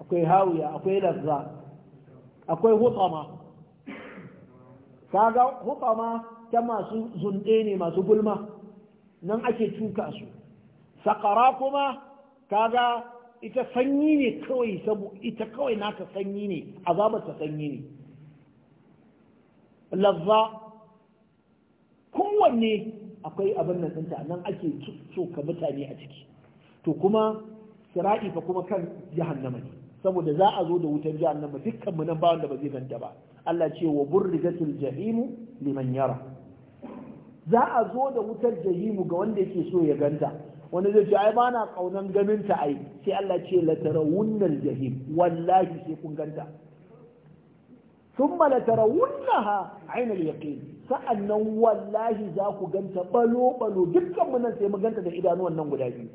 akwai hawiya akwai lazza akwai hutsama kaga hukama ta masu zunde ne masu gulma nan ake tuka su sakara kuma kaga ita sanyi ne kawai sabu ita kawai naka sanyi ne azabar ta sanyi ne lazza kowanne akwai abin nan ɗinta nan ake ka mutane a ciki to kuma sira'i kuma kan jihar ne saboda za a zo da wutar jahannama dukkan mu nan ba wanda ba zai ganta ba Allah ce wa burrigatul jahimu liman yara za a zo da wutar jahimu ga wanda yake so ya ganta wani zai ce ai ba na kaunan ganin ta ai sai Allah ce la tarawunnal jahim wallahi sai kun ganta thumma la tarawunnaha aina yaqin sa'annan wallahi za ku ganta balo balo dukkan mu sai mun ganta da idanuwan nan guda biyu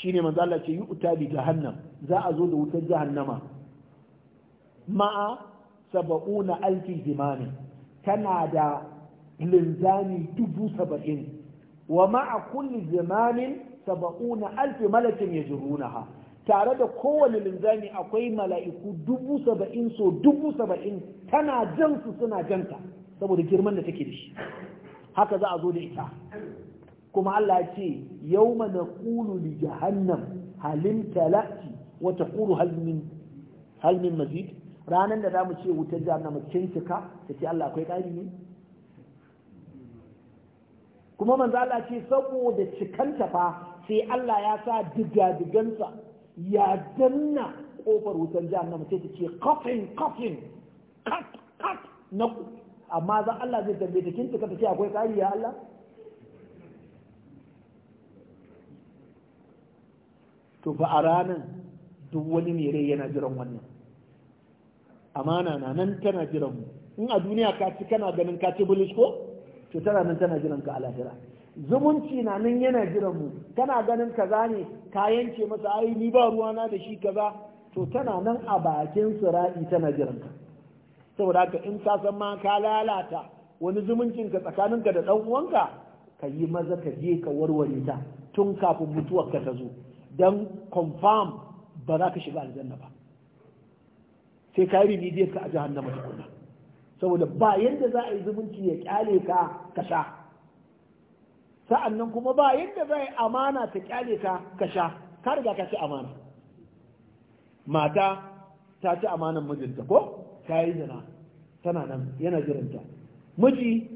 shine manzo Allah ce yu'ta bi jahannam za a zo da wutar jahannama ma'a saba'una alfi zimani tana da linzami dubu saba'in wa ma'a kulli zimanin saba'una alfi malakin ya ha? tare da kowane linzami akwai mala'iku dubu saba'in so dubu saba'in tana jansu suna janta saboda girman da take da shi haka za a zo da ita kuma Allah ce yau mana kulu li jahannam halin talati wata kulu halmin mazid ranar da za mu ce wutar jahannama cincika ta ce Allah akwai ƙari ne kuma manzo Allah ce saboda cikanta fa sai Allah ya sa digadigansa ya danna kofar wutar jahannama sai ta ce kafin kafin kat kat na amma za Allah zai tambaye ta kin ta ce akwai ƙari ya Allah to fa a ranar duk wani mai rai yana jiran wannan amana na nan tana jiran mu in a duniya ka ci kana ganin ka ci bulish ko to tana nan tana jiran ka a zumunci na nan yana jiran mu kana ganin kaza ne ka yanke masa ai ni ba ruwana da shi kaza to tana nan a bakin sura'i tana jiran ka saboda haka in ka san ma ka lalata wani zumuncin ka tsakanin ka da dan uwanka ka yi maza ka je ka warware ta tun kafin mutuwar ka ta zo dan confirm ba za ka shiga aljanna ba sai ka yi remedial ka a jahannama tukuna saboda ba yadda za a yi zumunci ya kyale ka ka sha sa'annan kuma ba yadda za a yi amana ta kyale ka ka sha ka riga ka ci amana mata ta ci amanan mijinta ko ta yi zina tana nan yana jiranta miji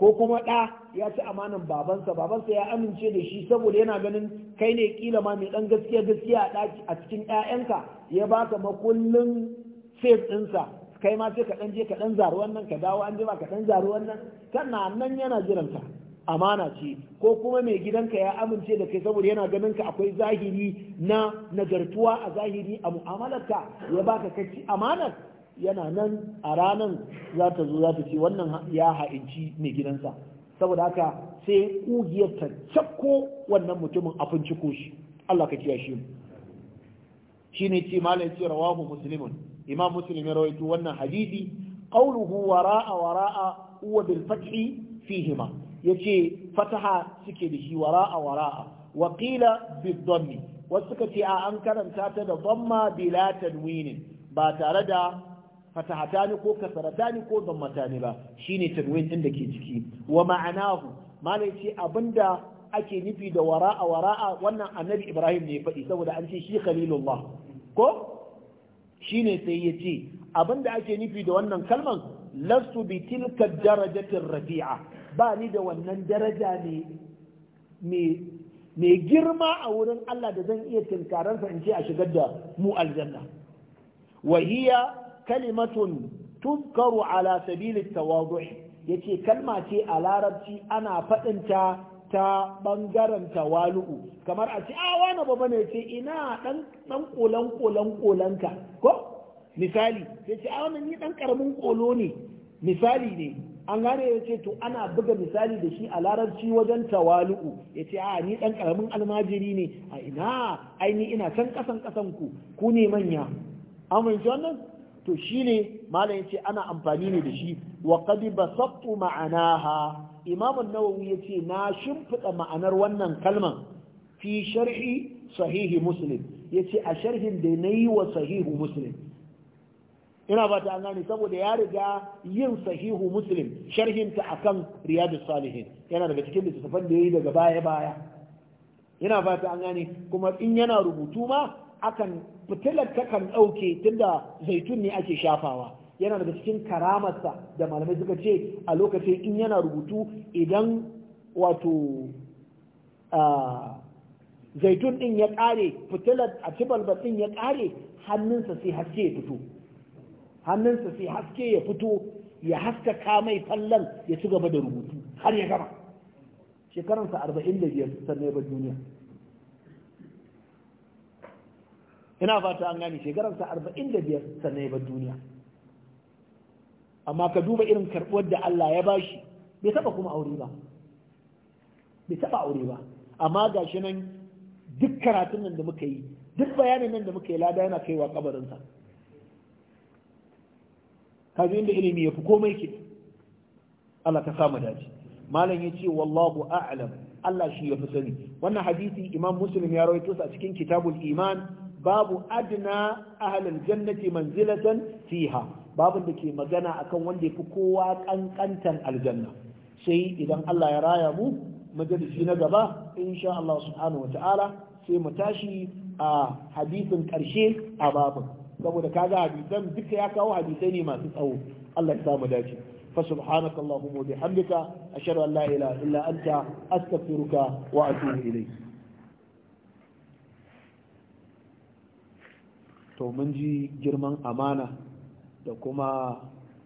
ko kuma ɗa ya ci amanan babansa babansa ya amince da shi saboda yana ganin kai ne kila ma mai ɗan gaskiya gaskiya a cikin 'ya'yanka ya baka makullin save ɗinsa kai ma sai ka ɗan je ka ɗan zaru wannan ka dawo an jima ka ɗan zaru wannan kana nan yana ka amana ce ko kuma mai gidanka ya amince da kai saboda yana ganin ka akwai zahiri na nagartuwa a zahiri a mu'amalarka ya baka kaci amanar yana nan a ranan za ta zo za ta ce wannan ya ha'inci mai gidansa saboda haka sai ƙugiyar ta cakko wannan mutumin afin ciko shi Allah ka kiyaye shi shine ce malai ce rawahu muslimun imam muslim ya rawaito wannan hadisi qawluhu wara'a wara'a huwa bil fathi fihima yace fataha suke da shi wara'a wara'a wa qila bid wasu suka ce a an karanta ta da dhamma bila tanwin ba tare da fatahatani ko kasaratani ko dhammatani ba shine tanwin din da ke ciki wa ma'anahu malai ce abinda ake nufi da wara'a wara'a wannan annabi ibrahim ne ya faɗi saboda an ce shi khalilullah ko shine sai ya ce abinda ake nufi da wannan kalman lasu bi tilka darajatin rafi'a ba ni da wannan daraja ne mai girma a wurin Allah da zan iya tinkaransa in ce a shigar da mu aljanna wa hiya kalimatun tuzkaru ala sabilit tawadhu yace kalma ce a larabci ana faɗinta ta ɓangaren tawalu'u kamar a ce a ah, wani baba ne ce ina dan dan kolan kolan kolanka ko misali ya ce a ah, wani ni dan karamin kolo ne misali ne an gane ya ce to ana buga misali da shi a larabci wajen tawalu'u ya ce a ah, ni ɗan karamin almajiri ne a ina ai ni ina can kasan kasan ku ku ne manya amince wannan to shine malam ya ce ana amfani ne da shi wa qad basattu ma'anaha imam an-nawawi yace na shimfida ma'anar wannan kalman fi sharhi sahihi muslim yace a sharhin da nayi wa sahihu muslim ina ba ta gane saboda ya riga yin sahihu muslim sharhinta a akan riyadus salihin yana daga cikin littattafan da yayi daga baya baya ina ba ta gane kuma in yana rubutu ma akan fitilar takan ɗauke tunda zaitun ne ake shafawa yana daga cikin karamarsa da malamai suka ce a lokacin in yana rubutu idan wato zaitun din ya kare fitilar a cibalbar din ya kare hannunsa sai haske ya fito hannunsa sai haske ya fito ya haskaka mai fallon ya ci gaba da rubutu har ya gama shekaransa arba'in da biyar sannan ba duniya ina fata an gane shekaransa arba'in da biyar sannan ba duniya amma ka duba irin karɓuwar da Allah ya bashi bai taɓa kuma aure ba bai taɓa aure ba amma ga shi nan duk karatun nan da muka yi duk bayanin nan da muka yi lada yana kaiwa kabarinsa ka inda ilimi ya fi komai ke Allah ka samu dace malam ya ce wallahu a'lam Allah shi ya fi sani wannan hadisi imam muslim ya rawaito sa cikin kitabul iman babu adna ahlal jannati manzilatan fiha babin da ke magana akan wanda yafi kowa kankantan aljanna sai idan Allah ya raya mu majalisi na gaba insha Allah subhanahu ta'ala sai mu tashi a hadisin karshe a babin saboda kaga hadisan duka ya kawo hadisai ne masu tsawo Allah ya mu dace فسبحانك اللهم وبحمدك أشهد أن لا إله إلا أنت أستغفرك وأتوب to mun ji girman amana da kuma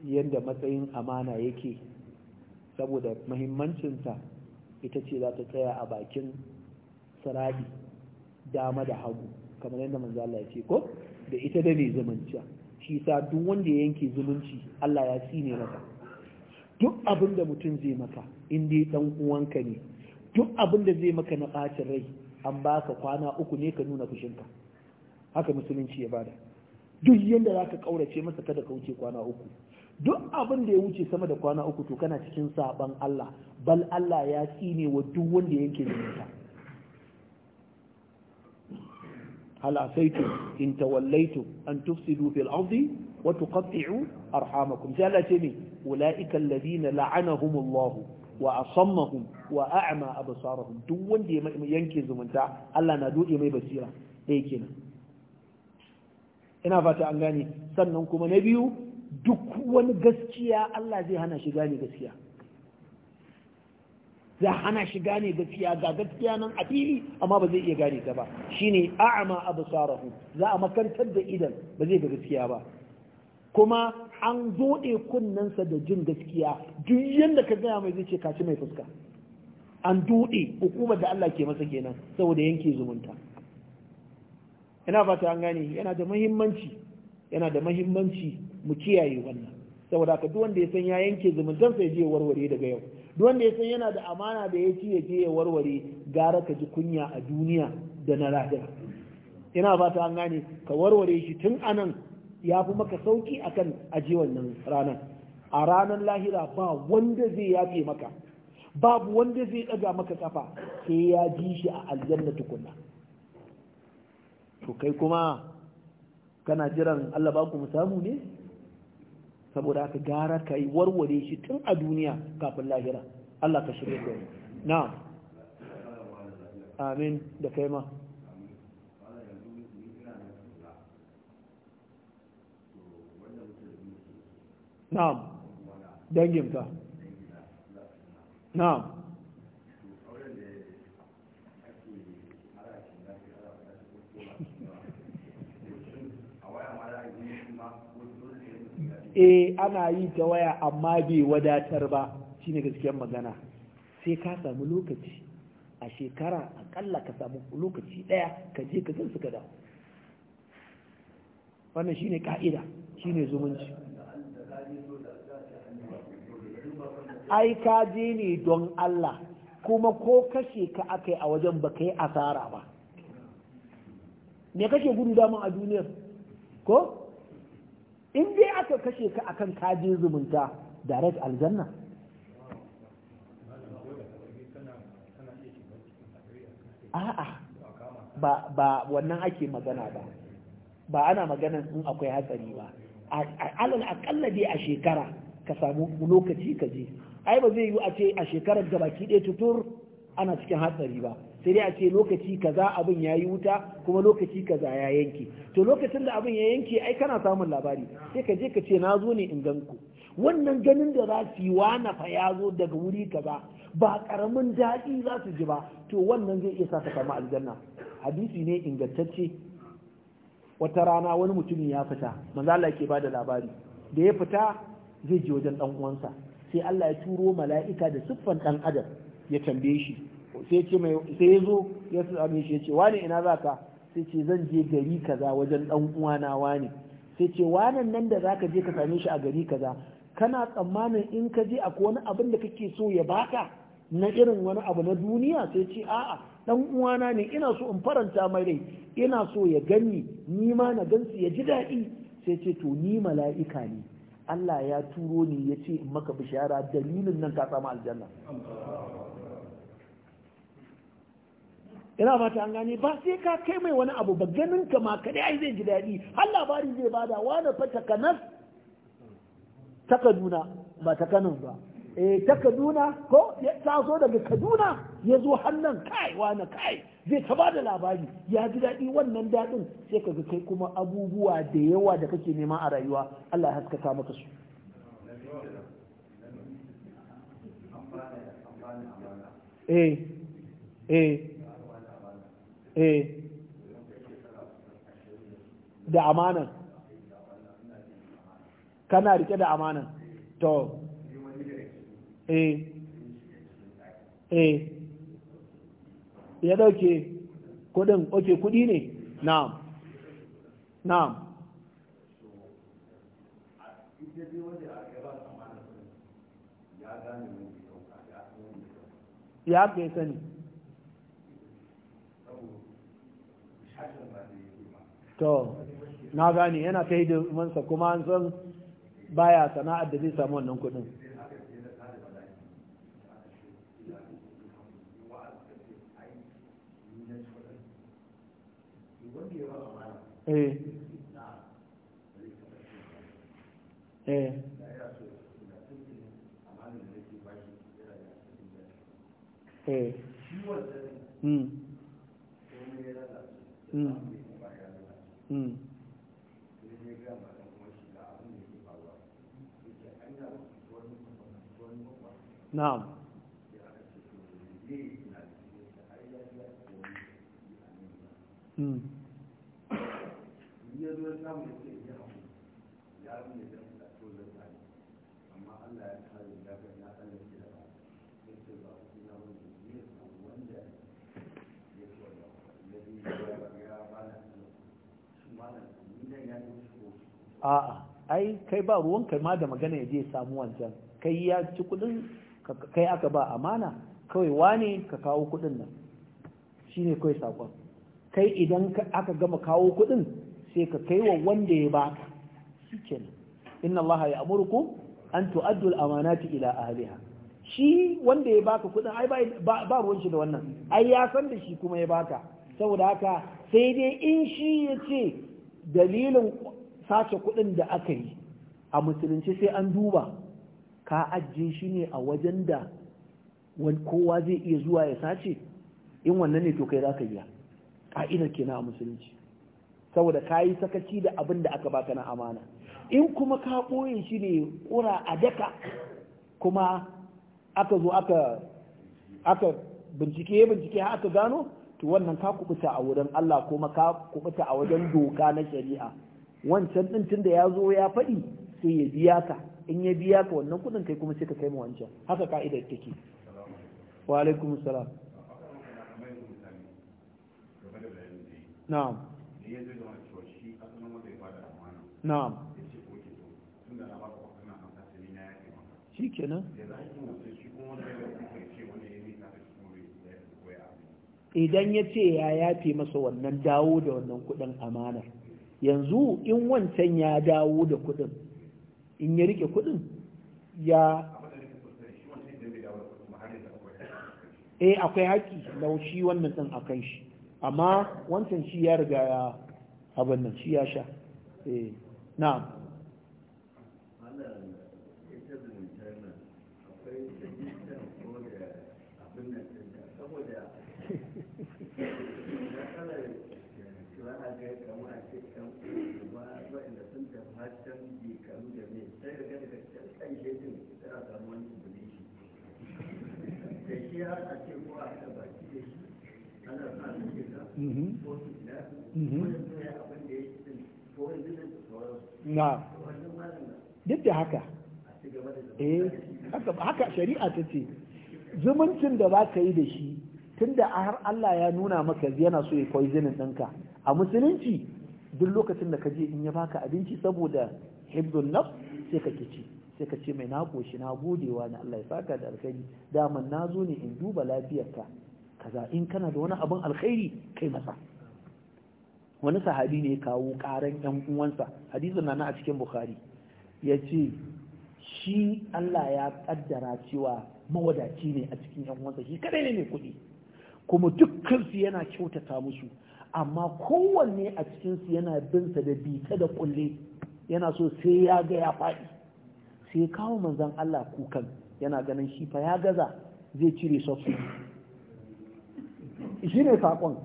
yadda matsayin amana yake saboda mahimmancinsa ita ce za ta tsaya a bakin sarari dama da hagu kamar yadda manzo Allah ya ce ko da ita da ne zumunci shi sa duk wanda ya yanke zumunci Allah ya tsine maka duk abin da mutum zai maka in dai dan uwanka ne duk abin da zai maka na bacin rai an baka kwana uku ne ka nuna fushinka haka musulunci ya bada duk yadda za ka ƙaurace masa kada ka wuce kwana uku duk abinda ya wuce sama da kwana uku to kana cikin saban Allah bal Allah ya tsine wa duk wanda yake zumunta hal in tawallaitu an tufsidu fil ardi wa tuqatti'u arhamakum sai Allah ce ne ulaika alladhina la'anahumullah wa asammahum wa a'ma absarahum duk wanda ya yanke zumunta Allah na dode mai basira dai ina fata an gane sannan kuma na biyu duk wani gaskiya Allah zai hana shi gane gaskiya za hana shi gane gaskiya ga gaskiya nan a fili amma ba zai iya gane ta ba shine a'ma absarahu za a makantar da idan ba zai ga gaskiya ba kuma an zoɗe kunnensa da jin gaskiya duk yadda ka gaya mai zai ce kaci mai fuska an doɗe hukumar da Allah ke masa kenan saboda yanke zumunta ina fata an gane yana da muhimmanci yana da muhimmanci mu kiyaye wannan saboda ka duk wanda ya san ya yanke zumuntar ya je warware daga yau duk wanda ya san yana da amana da ya ci ya je ya warware gara ka ji kunya a duniya da na lahira ina fata an gane ka warware shi tun anan ya fi maka sauki akan aji wannan ranar a ranar lahira ba wanda zai yafe maka babu wanda zai ɗaga maka kafa sai ya ji shi a aljanna tukunna to kai kuma kana jiran Allah ba ku mu samu ne saboda ka gara kai warware shi tun a duniya kafin lahira Allah ka shirye da na'am amin da kai ma na'am ka na'am eh ana yi ta waya amma bai wadatar ba shine gaskiyar magana sai ka samu lokaci a shekara akalla ka samu lokaci daya ka je ka gansu ka dawo wannan shine ka'ida shine zumunci ai ka je ne don Allah kuma ko kashe ka akai a wajen ba ka yi asara ba me kake gudu damun a duniyar ko in dai aka kashe ka akan kaje zumunta direct aljanna a'a ba ba wannan ake magana ba ba ana maganan in akwai hatsari ba alal akalla dai a shekara ka samu lokaci ka je ai ba zai yi a ce a shekarar gabaki ɗaya tutur ana cikin hatsari ba sai dai a ce lokaci kaza abin ya yi wuta kuma lokaci kaza ya yanke to lokacin da abin ya yanke ai kana samun labari sai ka je ka ce na zo ne in gan ku wannan ganin da za su yi wani fa ya zo daga wuri kaza ba karamin daɗi za su ji ba to wannan zai iya sa ka samu aljanna hadisi ne ingantacce wata rana wani mutumin ya fita manzo Allah yake bada labari da ya fita zai je wajen dan uwansa sai Allah ya turo mala'ika da siffan dan adam ya tambaye shi sai ce mai sai yazo ya sami shi ce wani ina za ka sai ce zan je gari kaza wajen dan na wani sai ce wanan nan da za ka je ka same shi a gari kaza kana tsammanin in ka je akwai wani abin da kake so ya baka na irin wani abu na duniya sai ce a'a dan uwana ne ina so in faranta mai rai ina so ya gani ni ma na gansu ya ji daɗi sai ce to ni mala'ika ne Allah ya turo ni ya ce in maka bishara dalilin nan ka samu aljanna yana fata an gane ba sai ka kai mai wani abu ba ganin ka ma kadai ai zai ji daɗi har labari zai bada wani fa kanas ta kaduna ba ta kanan ba eh ta kaduna ko ya taso daga kaduna ya zo hannun kai wani kai zai ta bada labari ya ji daɗi wannan daɗin sai ka ga kai kuma abubuwa da yawa da kake nema a rayuwa Allah ya haskaka maka su eh eh eh da amanan kana rike da amanan to eh eh ya dauke kudin oke kudi ne na'am na'am ya ke sani to na gani yana ta mansa kuma an san baya sana'ar da zai samu wannan kudin eh eh eh Mm. Mm. Hmm. na'am Mm. a'a ai kai ba ruwan kai ma da magana ya je samu wancan kai ya ci kudin kai aka ba amana kawai wane ka kawo kudin nan shine kai sakon kai idan aka gama kawo kudin sai ka kai wa wanda ya baka shikenan inna allaha ya'murukum an tu'addu al-amanati ila ahliha shi wanda ya baka kudin ai ba ruwan shi da wannan ai ya san da shi kuma ya baka saboda haka sai dai in shi ya ce dalilin sace kuɗin da aka yi a musulunci sai an duba ka ajiye shi ne a wajen da kowa zai iya zuwa ya sace in wannan ne to kai za ka biya ƙa'idar kenan a musulunci saboda ka yi sakaci da abin da aka baka na amana in kuma ka ɓoye shi ne ƙura a daka kuma aka zo aka aka bincike bincike aka gano to wannan ka kubuta a wurin Allah kuma ka kubuta a wajen doka na shari'a wancan ɗin tun da ya zo ya faɗi sai ya biya ka in ya biya ka wannan kuɗin kai kuma sai ka kai mu wancan haka ka'idar take wa alaikum salam na'am na'am shi kenan idan ya ce ya yafe masa wannan dawo da wannan kuɗin amanar yanzu in wancan ya dawo da kuɗin in ya rike kuɗin ya e akwai haƙƙi na shi wannan ɗin a kan shi amma wancan shi ya riga ya abin nan shi ya sha na. Thank you. na duk da haka eh haka shari'a ta ce zumuncin da za ka yi da shi tun da har Allah ya nuna maka yana so ya kawai zinin ɗanka a musulunci duk lokacin da ka je in ya baka abinci saboda hibdun nafs sai ka ci sai ka ce mai na koshi na godewa na Allah ya saka da alkhairi daman na zo ne in duba lafiyarka kaza in kana da wani abin alkhairi kai masa wani sahabi ne kawo karan yan uwansa hadisin na a cikin bukhari ya ce shi Allah ya kaddara cewa mawadaci ne a cikin yan uwansa shi kadai ne mai kuɗi kuma dukkansu yana kyautata musu amma kowanne a cikinsu yana bin sa da bita da kulle yana so sai ya ga ya faɗi sai kawo manzan Allah kukan yana ganin shi fa ya gaza zai cire sassu shi ne saƙon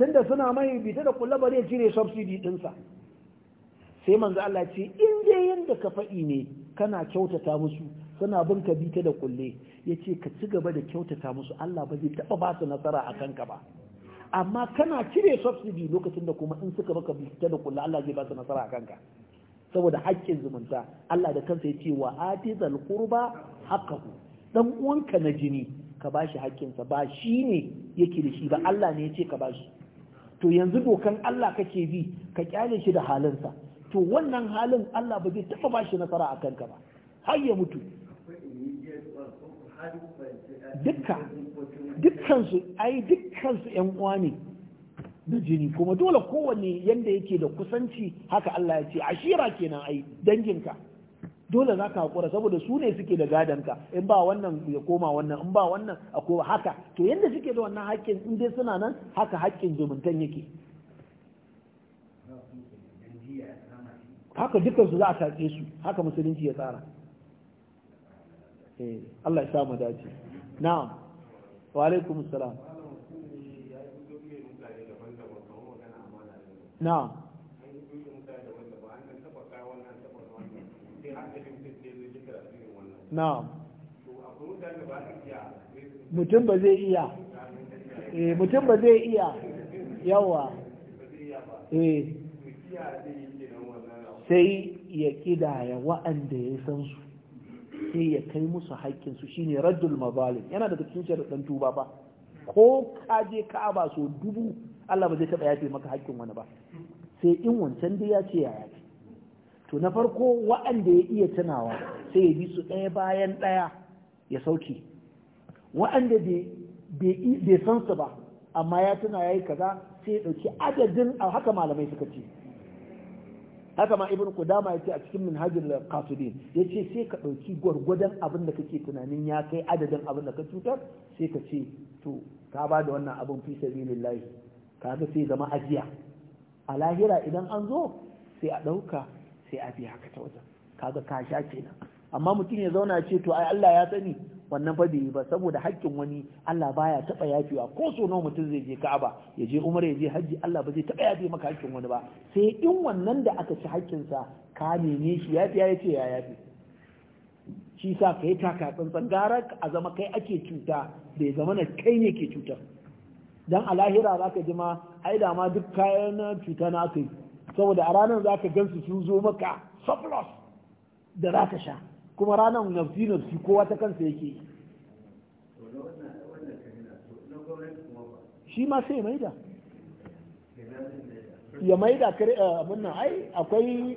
tunda suna mai bita da kula ba zai cire subsidi ɗinsa sai manzo Allah ce in dai yanda ka faɗi ne kana kyautata musu suna bin ka bita da kulle ya ce ka ci gaba da kyautata musu Allah ba zai taɓa ba su nasara a kanka ba amma kana cire subsidi lokacin da kuma in suka baka bita da kulle Allah zai ba su nasara a kanka saboda haƙƙin zumunta Allah da kansa ya ce wa atizal qurba haqqahu dan uwanka na jini ka bashi haƙƙinsa ba shi ne yake da shi ba Allah ne ya ce ka bashi to yanzu dokan Allah kake bi ka kyale shi da halinsa to wannan halin Allah ba zai taɓa bashi nasara a kanka ba har ya mutu dukkan su ai dukkansu yan uwa ne na jini kuma dole kowanne yanda yake da kusanci haka Allah ya ce ashira kenan ai danginka dole za ka haƙura saboda su ne suke da gadanka in ba wannan ya koma wannan in ba wannan a kowa haka to yadda suke da wannan haƙƙin in dai suna nan haka haƙƙin zumuntan yake haka su za a tatse su haka musulunci ya tsara eh, Allah ya sa mu dace na'am wa alaikum salam na mutum ba zai iya eh, mutum ba zai iya yawa eh. sai ya kidaya wa'anda ya san su sai ya kai musu haƙƙinsu shine raddul mazalim yana daga cikin sharaɗin tuba ba ko ka je ka'aba so dubu Allah ba zai taɓa yafe maka haƙƙin wani ba sai in wancan dai ya ce ya yafe to na farko wa'anda ya iya tunawa sai ya bi su ɗaya bayan ɗaya ya sauke wa'anda bai san su ba amma ya tuna ya yi kaza sai ya ɗauki adadin a haka malamai suka ce haka ma ibn kudama ya ce a cikin minhajin kasudin ya ce sai ka ɗauki gwargwadon abin da kake tunanin ya kai adadin abin da ka cutar sai ka ce to ka ba da wannan abin fi sabilillahi kaga sai zama ajiya a lahira idan an zo sai a ɗauka sai a biya ka ta wajen kaga ka sha kenan amma mutum ya zauna ce to ai Allah ya sani wannan fa bai ba saboda haƙƙin wani Allah baya taɓa yafewa ko so nawa mutum zai je Ka'aba ya je Umar ya je Hajji Allah ba zai taɓa yafe maka haƙƙin wani ba sai in wannan da aka ci haƙƙin sa ka neme shi yafiya ya ce ya yafe shi sa kai taka tsantsan gara a zama kai ake cuta bai zama na kai ne ke cutar dan a lahira za ka ji ma ai da ma duk kayan cuta na aka yi saboda a ranar za ka gansu sun zo maka surplus da za ka sha kuma ranar nafsi nafsi kowa ta kansa yake yi shi ma sai da ya maida kare eh, abin nan ai akwai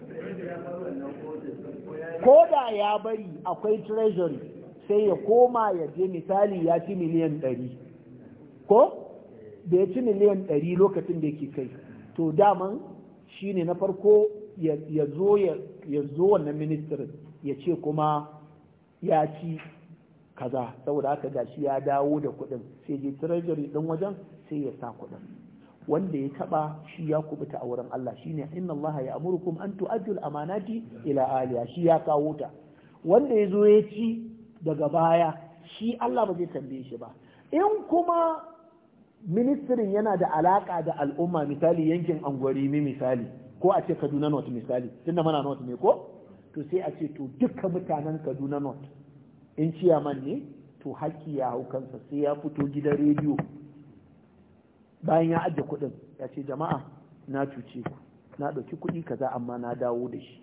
ko da ya bari akwai treasury sai ya koma ya je misali ya ci miliyan ɗari ko da ya ci miliyan ɗari lokacin da yake kai to daman shi ne na farko ya zo wannan ministirin ya ce kuma ya ci kaza saboda haka gashi ya dawo da kuɗin sai je treasury ɗin wajen sai ya sa kuɗin wanda ya taɓa shi ya kubuta a wurin Allah shi shine inna Allah ya amurukum an a amanati ila aliya shi ya kawo ta wanda ya zo ya ci daga baya shi Allah ba zai tambaye shi ba in kuma ministirin yana da alaka da al'umma misali yankin angwarimi misali ko a ce kaduna north misali tunda mana north ne ko to sai a ce to duka mutanen kaduna north in ciya man ne to haƙƙi ya hau kansa sai ya fito gidan rediyo bayan ya ajiye kuɗin ya ce jama'a na cuce ku na ɗauki kuɗi kaza amma na dawo da shi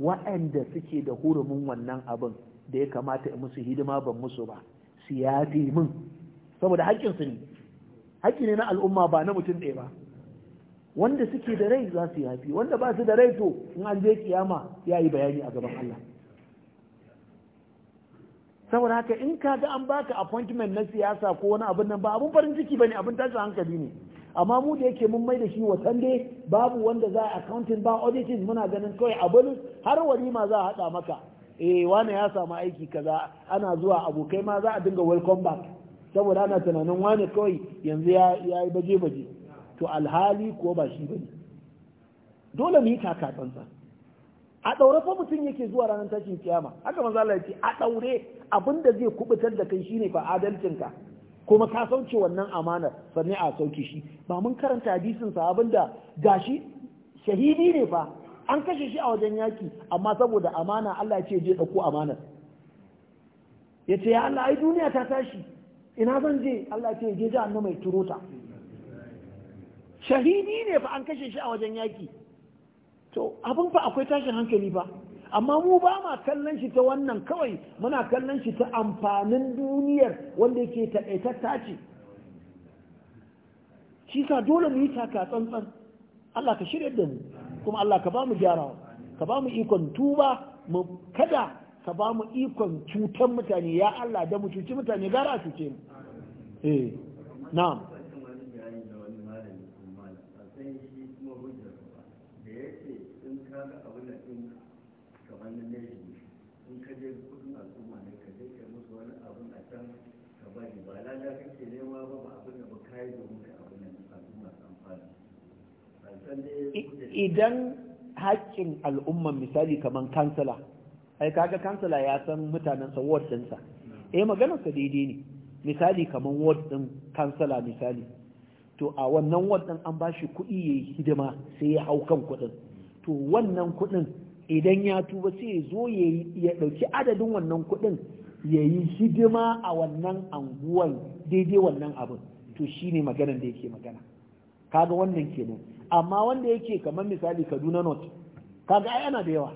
waɗanda suke da hurumin wannan abin da ya kamata in musu hidima ban musu ba su yafe min saboda haƙƙinsu ne haƙi ne na al'umma ba na mutum ɗaya ba wanda suke da rai za su yafi wanda ba su da rai to in an je kiyama ya yi bayani a gaban Allah saboda haka in ka ga an baka appointment na siyasa ko wani abin nan ba abun farin ciki bane abin tashin hankali ne amma mu da yake mun mai da shi watan dai babu wanda za a accounting ba auditing muna ganin kawai abin har walima za a hada maka eh wani ya samu aiki kaza ana zuwa abokai ma za a dinga welcome back saboda ana tunanin wani kawai yanzu ya yi baje baje to alhali ko ba shi bane dole mu yi kaka a ɗaure fa mutum yake zuwa ranar tashin kiyama haka manzo Allah yace a daure abinda zai kubutar da kai shine fa adalcinka kuma ka sauke wannan amanar sannan a sauke shi ba mun karanta hadisin sa da. gashi shahidi ne fa an kashe shi a wajen yaki amma saboda amana Allah ya ce je dauko amanar yace ce ya Allah ai duniya ta tashi ina zan je Allah ce je jahannama mai turo ta shahidi ne fa an kashe shi a wajen yaki to abin fa akwai tashin hankali ba amma mu ba ma kallon shi ta wannan kawai muna kallon shi ta amfanin duniyar wanda yake taƙaitatta ce shi sa dole mu yi taka tsantsan Allah ka shirya da mu kuma Allah ka ba mu gyarawa ka ba mu ikon tuba mu kada ka ba mu ikon cutar mutane ya Allah da mu cuci mutane gara a cuce mu eh na'am idan haƙƙin al'umma misali kamar kansala ai kaga kansala ya san mutanen sa ward ɗinsa eh maganarsa daidai ne misali kamar ward din kansala misali to a wannan ward din an bashi kuɗi ya yi hidima sai ya hau kan kuɗin to wannan kuɗin idan ya tuba sai ya zo ya ɗauki adadin wannan kuɗin ya yi hidima a wannan anguwan daidai wannan abin to shi ne maganan da yake magana kaga wannan kenan amma wanda yake kamar misali kaduna north kaga ai ana da yawa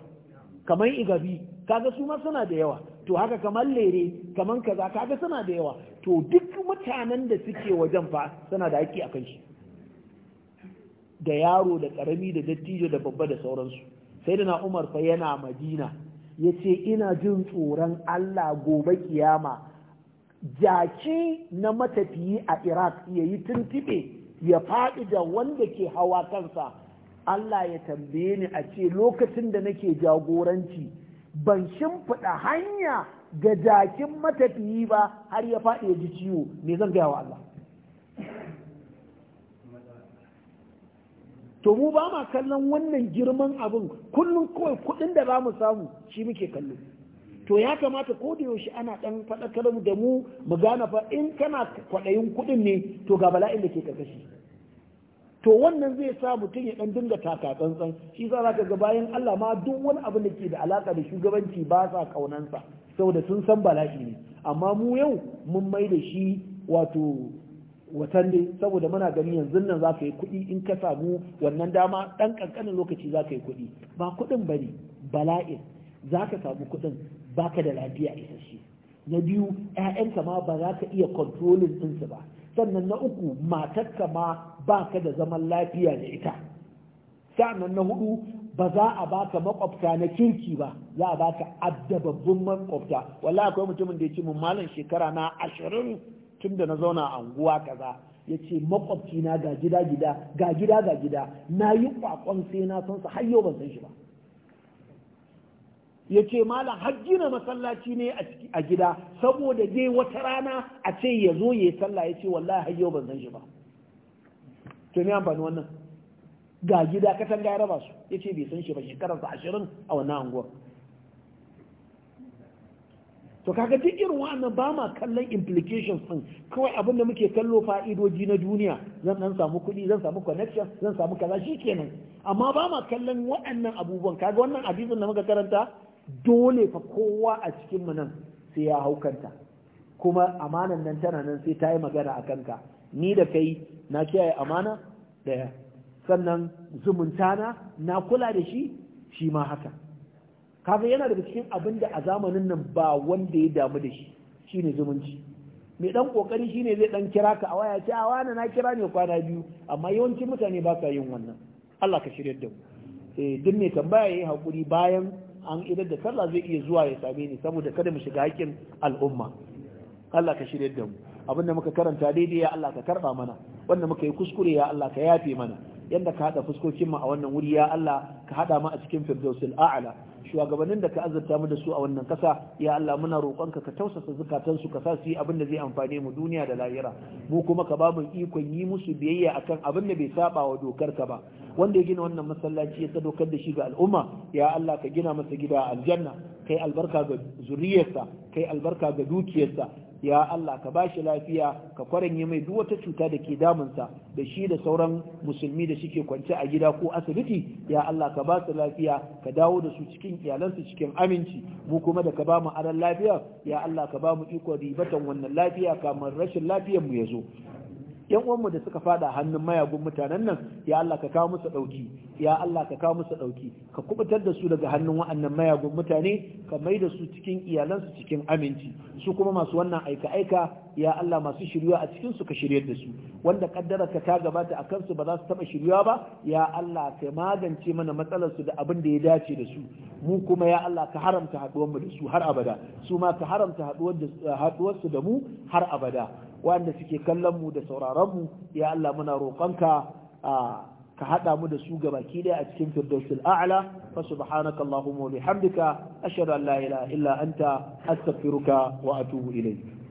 kamar igabi kaga su ma suna da yawa to haka kamar lere kamar kaza kaga suna da yawa to duk mutanen da suke wajen fa suna da haƙƙi a kan shi da yaro da ƙarami da dattijo da babba da sauransu sai da na umar fa yana madina ya ce ina jin tsoron allah gobe kiyama jaki na matafiyi a iraq ya yi tuntube, ya faɗi da wanda ke hawa kansa allah ya tambaye ni a ce lokacin da nake jagoranci ban shimfiɗa hanya ga jakin matafiyi ba har ya faɗi ya ji ciwo me zan gaya wa Allah to mu ba ma kallon wannan girman abin kullum kawai kuɗin da za mu samu shi muke kallo to ya kamata ko da yaushe ana ɗan faɗakar da mu mu gane fa in kana kwaɗayin kuɗin ne to ga bala'in da ke karkashi to wannan zai sa mutum ya ɗan dinga taka tsantsan shi za ka ga bayan Allah ma duk wani abin da ke da alaka da shugabanci ba sa kaunansa saboda sun san bala'i ne amma mu yau mun mai da shi wato watan dai saboda muna gani yanzu nan za ka yi kuɗi in ka samu wannan dama ɗan ƙanƙanin lokaci za ka yi kuɗi ba kuɗin ba ne bala'in za ka samu kuɗin ba ka da lafiya isasshe na biyu 'ya'yanka ma ba za ka iya kontrolin ɗinsu ba sannan na uku matarka ma ba ka da zaman lafiya da ita sa'annan na hudu ba za a baka makwabta na kirki ba za a baka addababbun makwabta wallahi akwai mutumin da ya ce mun malam shekara na ashirin tun da na zauna a unguwa kaza ya ce makwabci na ga gida gida ga gida ga gida na yi kwakwan sai na san sa har yau ban san shi ba ya ce malam har gina masallaci ne a gida saboda dai wata rana a ce ya zo ya sallah ya ce wallahi har yau ban san shi ba to ni amfani wannan ga gida katanga ya raba su ya ce bai san shi ba shekarar shekararsa ashirin a wannan anguwar to kaga duk irin wannan ba ma kallon implications din kawai abin da muke kallo fa'idoji na duniya zan dan samu kuɗi zan samu connection zan samu kaza kenan. amma ba ma kallon waɗannan abubuwan kaga wannan hadisin da muka karanta dole fa kowa a cikin mu nan sai ya haukanta kuma amanan nan tana nan sai ta yi magana a kanka ni da kai na kiyaye amana ɗaya. sannan zumunta na na kula da shi shi ma haka Kafin yana daga cikin abin da a zamanin nan ba wanda ya damu da shi shine zumunci mai dan kokari shine zai ɗan kira ka a waya ce a wani na kira ne kwana biyu amma yawancin mutane ba sa yin wannan Allah ka shirya da mu eh duk mai tambaya yayi hakuri bayan an idar da sallah zai iya zuwa ya same ni saboda kada mu shiga hakkin al'umma Allah ka shirya da mu abinda muka karanta daidai ya Allah ka karba mana wanda muka yi kuskure ya Allah ka yafe mana yanda ka hada fuskokin mu a wannan wuri ya Allah ka hada mu a cikin firdausul a'la shugabannin da ka azurta mu da su a wannan kasa ya Allah muna roƙonka ka tausasa zukatan su ka sa su yi abin da zai amfane mu duniya da lahira mu kuma ka ba mu ikon yi musu biyayya akan abin da bai saba wa dokar ka ba wanda ya gina wannan masallaci ya sadaukar da shi ga al'umma ya Allah ka gina masa gida aljanna kai albarka ga zuriyarsa kai albarka ga dukiyarsa ya Allah ka bashi lafiya ka kwaranye mai duk wata cuta da ke damunsa da shi da sauran musulmi da suke kwance a gida ko asibiti ya Allah ka ba su lafiya ka dawo da su cikin iyalansu cikin aminci mu kuma da ka ba mu aran lafiya ya Allah ka ba mu iko ribatan wannan lafiya kamar rashin lafiyar mu ya zo yan uwanmu da suka fada hannun mayagun mutanen nan ya Allah ka kawo musu dauki ya Allah ka kawo musu dauki ka kubutar da su daga hannun wa'annan mayagun mutane ka mai da su cikin iyalansu cikin aminci su kuma masu wannan aika aika ya Allah masu shiryuwa a cikin su ka shiryar da su wanda kaddara ka ta gabata a kansu ba za su taba shiryuwa ba ya Allah ka magance mana matsalar su da abin da ya dace da su mu kuma ya Allah ka haramta haduwar mu da su har abada su ma ka haramta haduwar su da mu har abada wanda suke kallon mu da sauraron mu ya Allah muna roƙonka ka haɗa mu da su gabaki ɗaya a cikin firdausul a'la fa subhanaka allahumma wa bihamdika ashhadu an la ilaha illa anta astaghfiruka wa atubu ilayk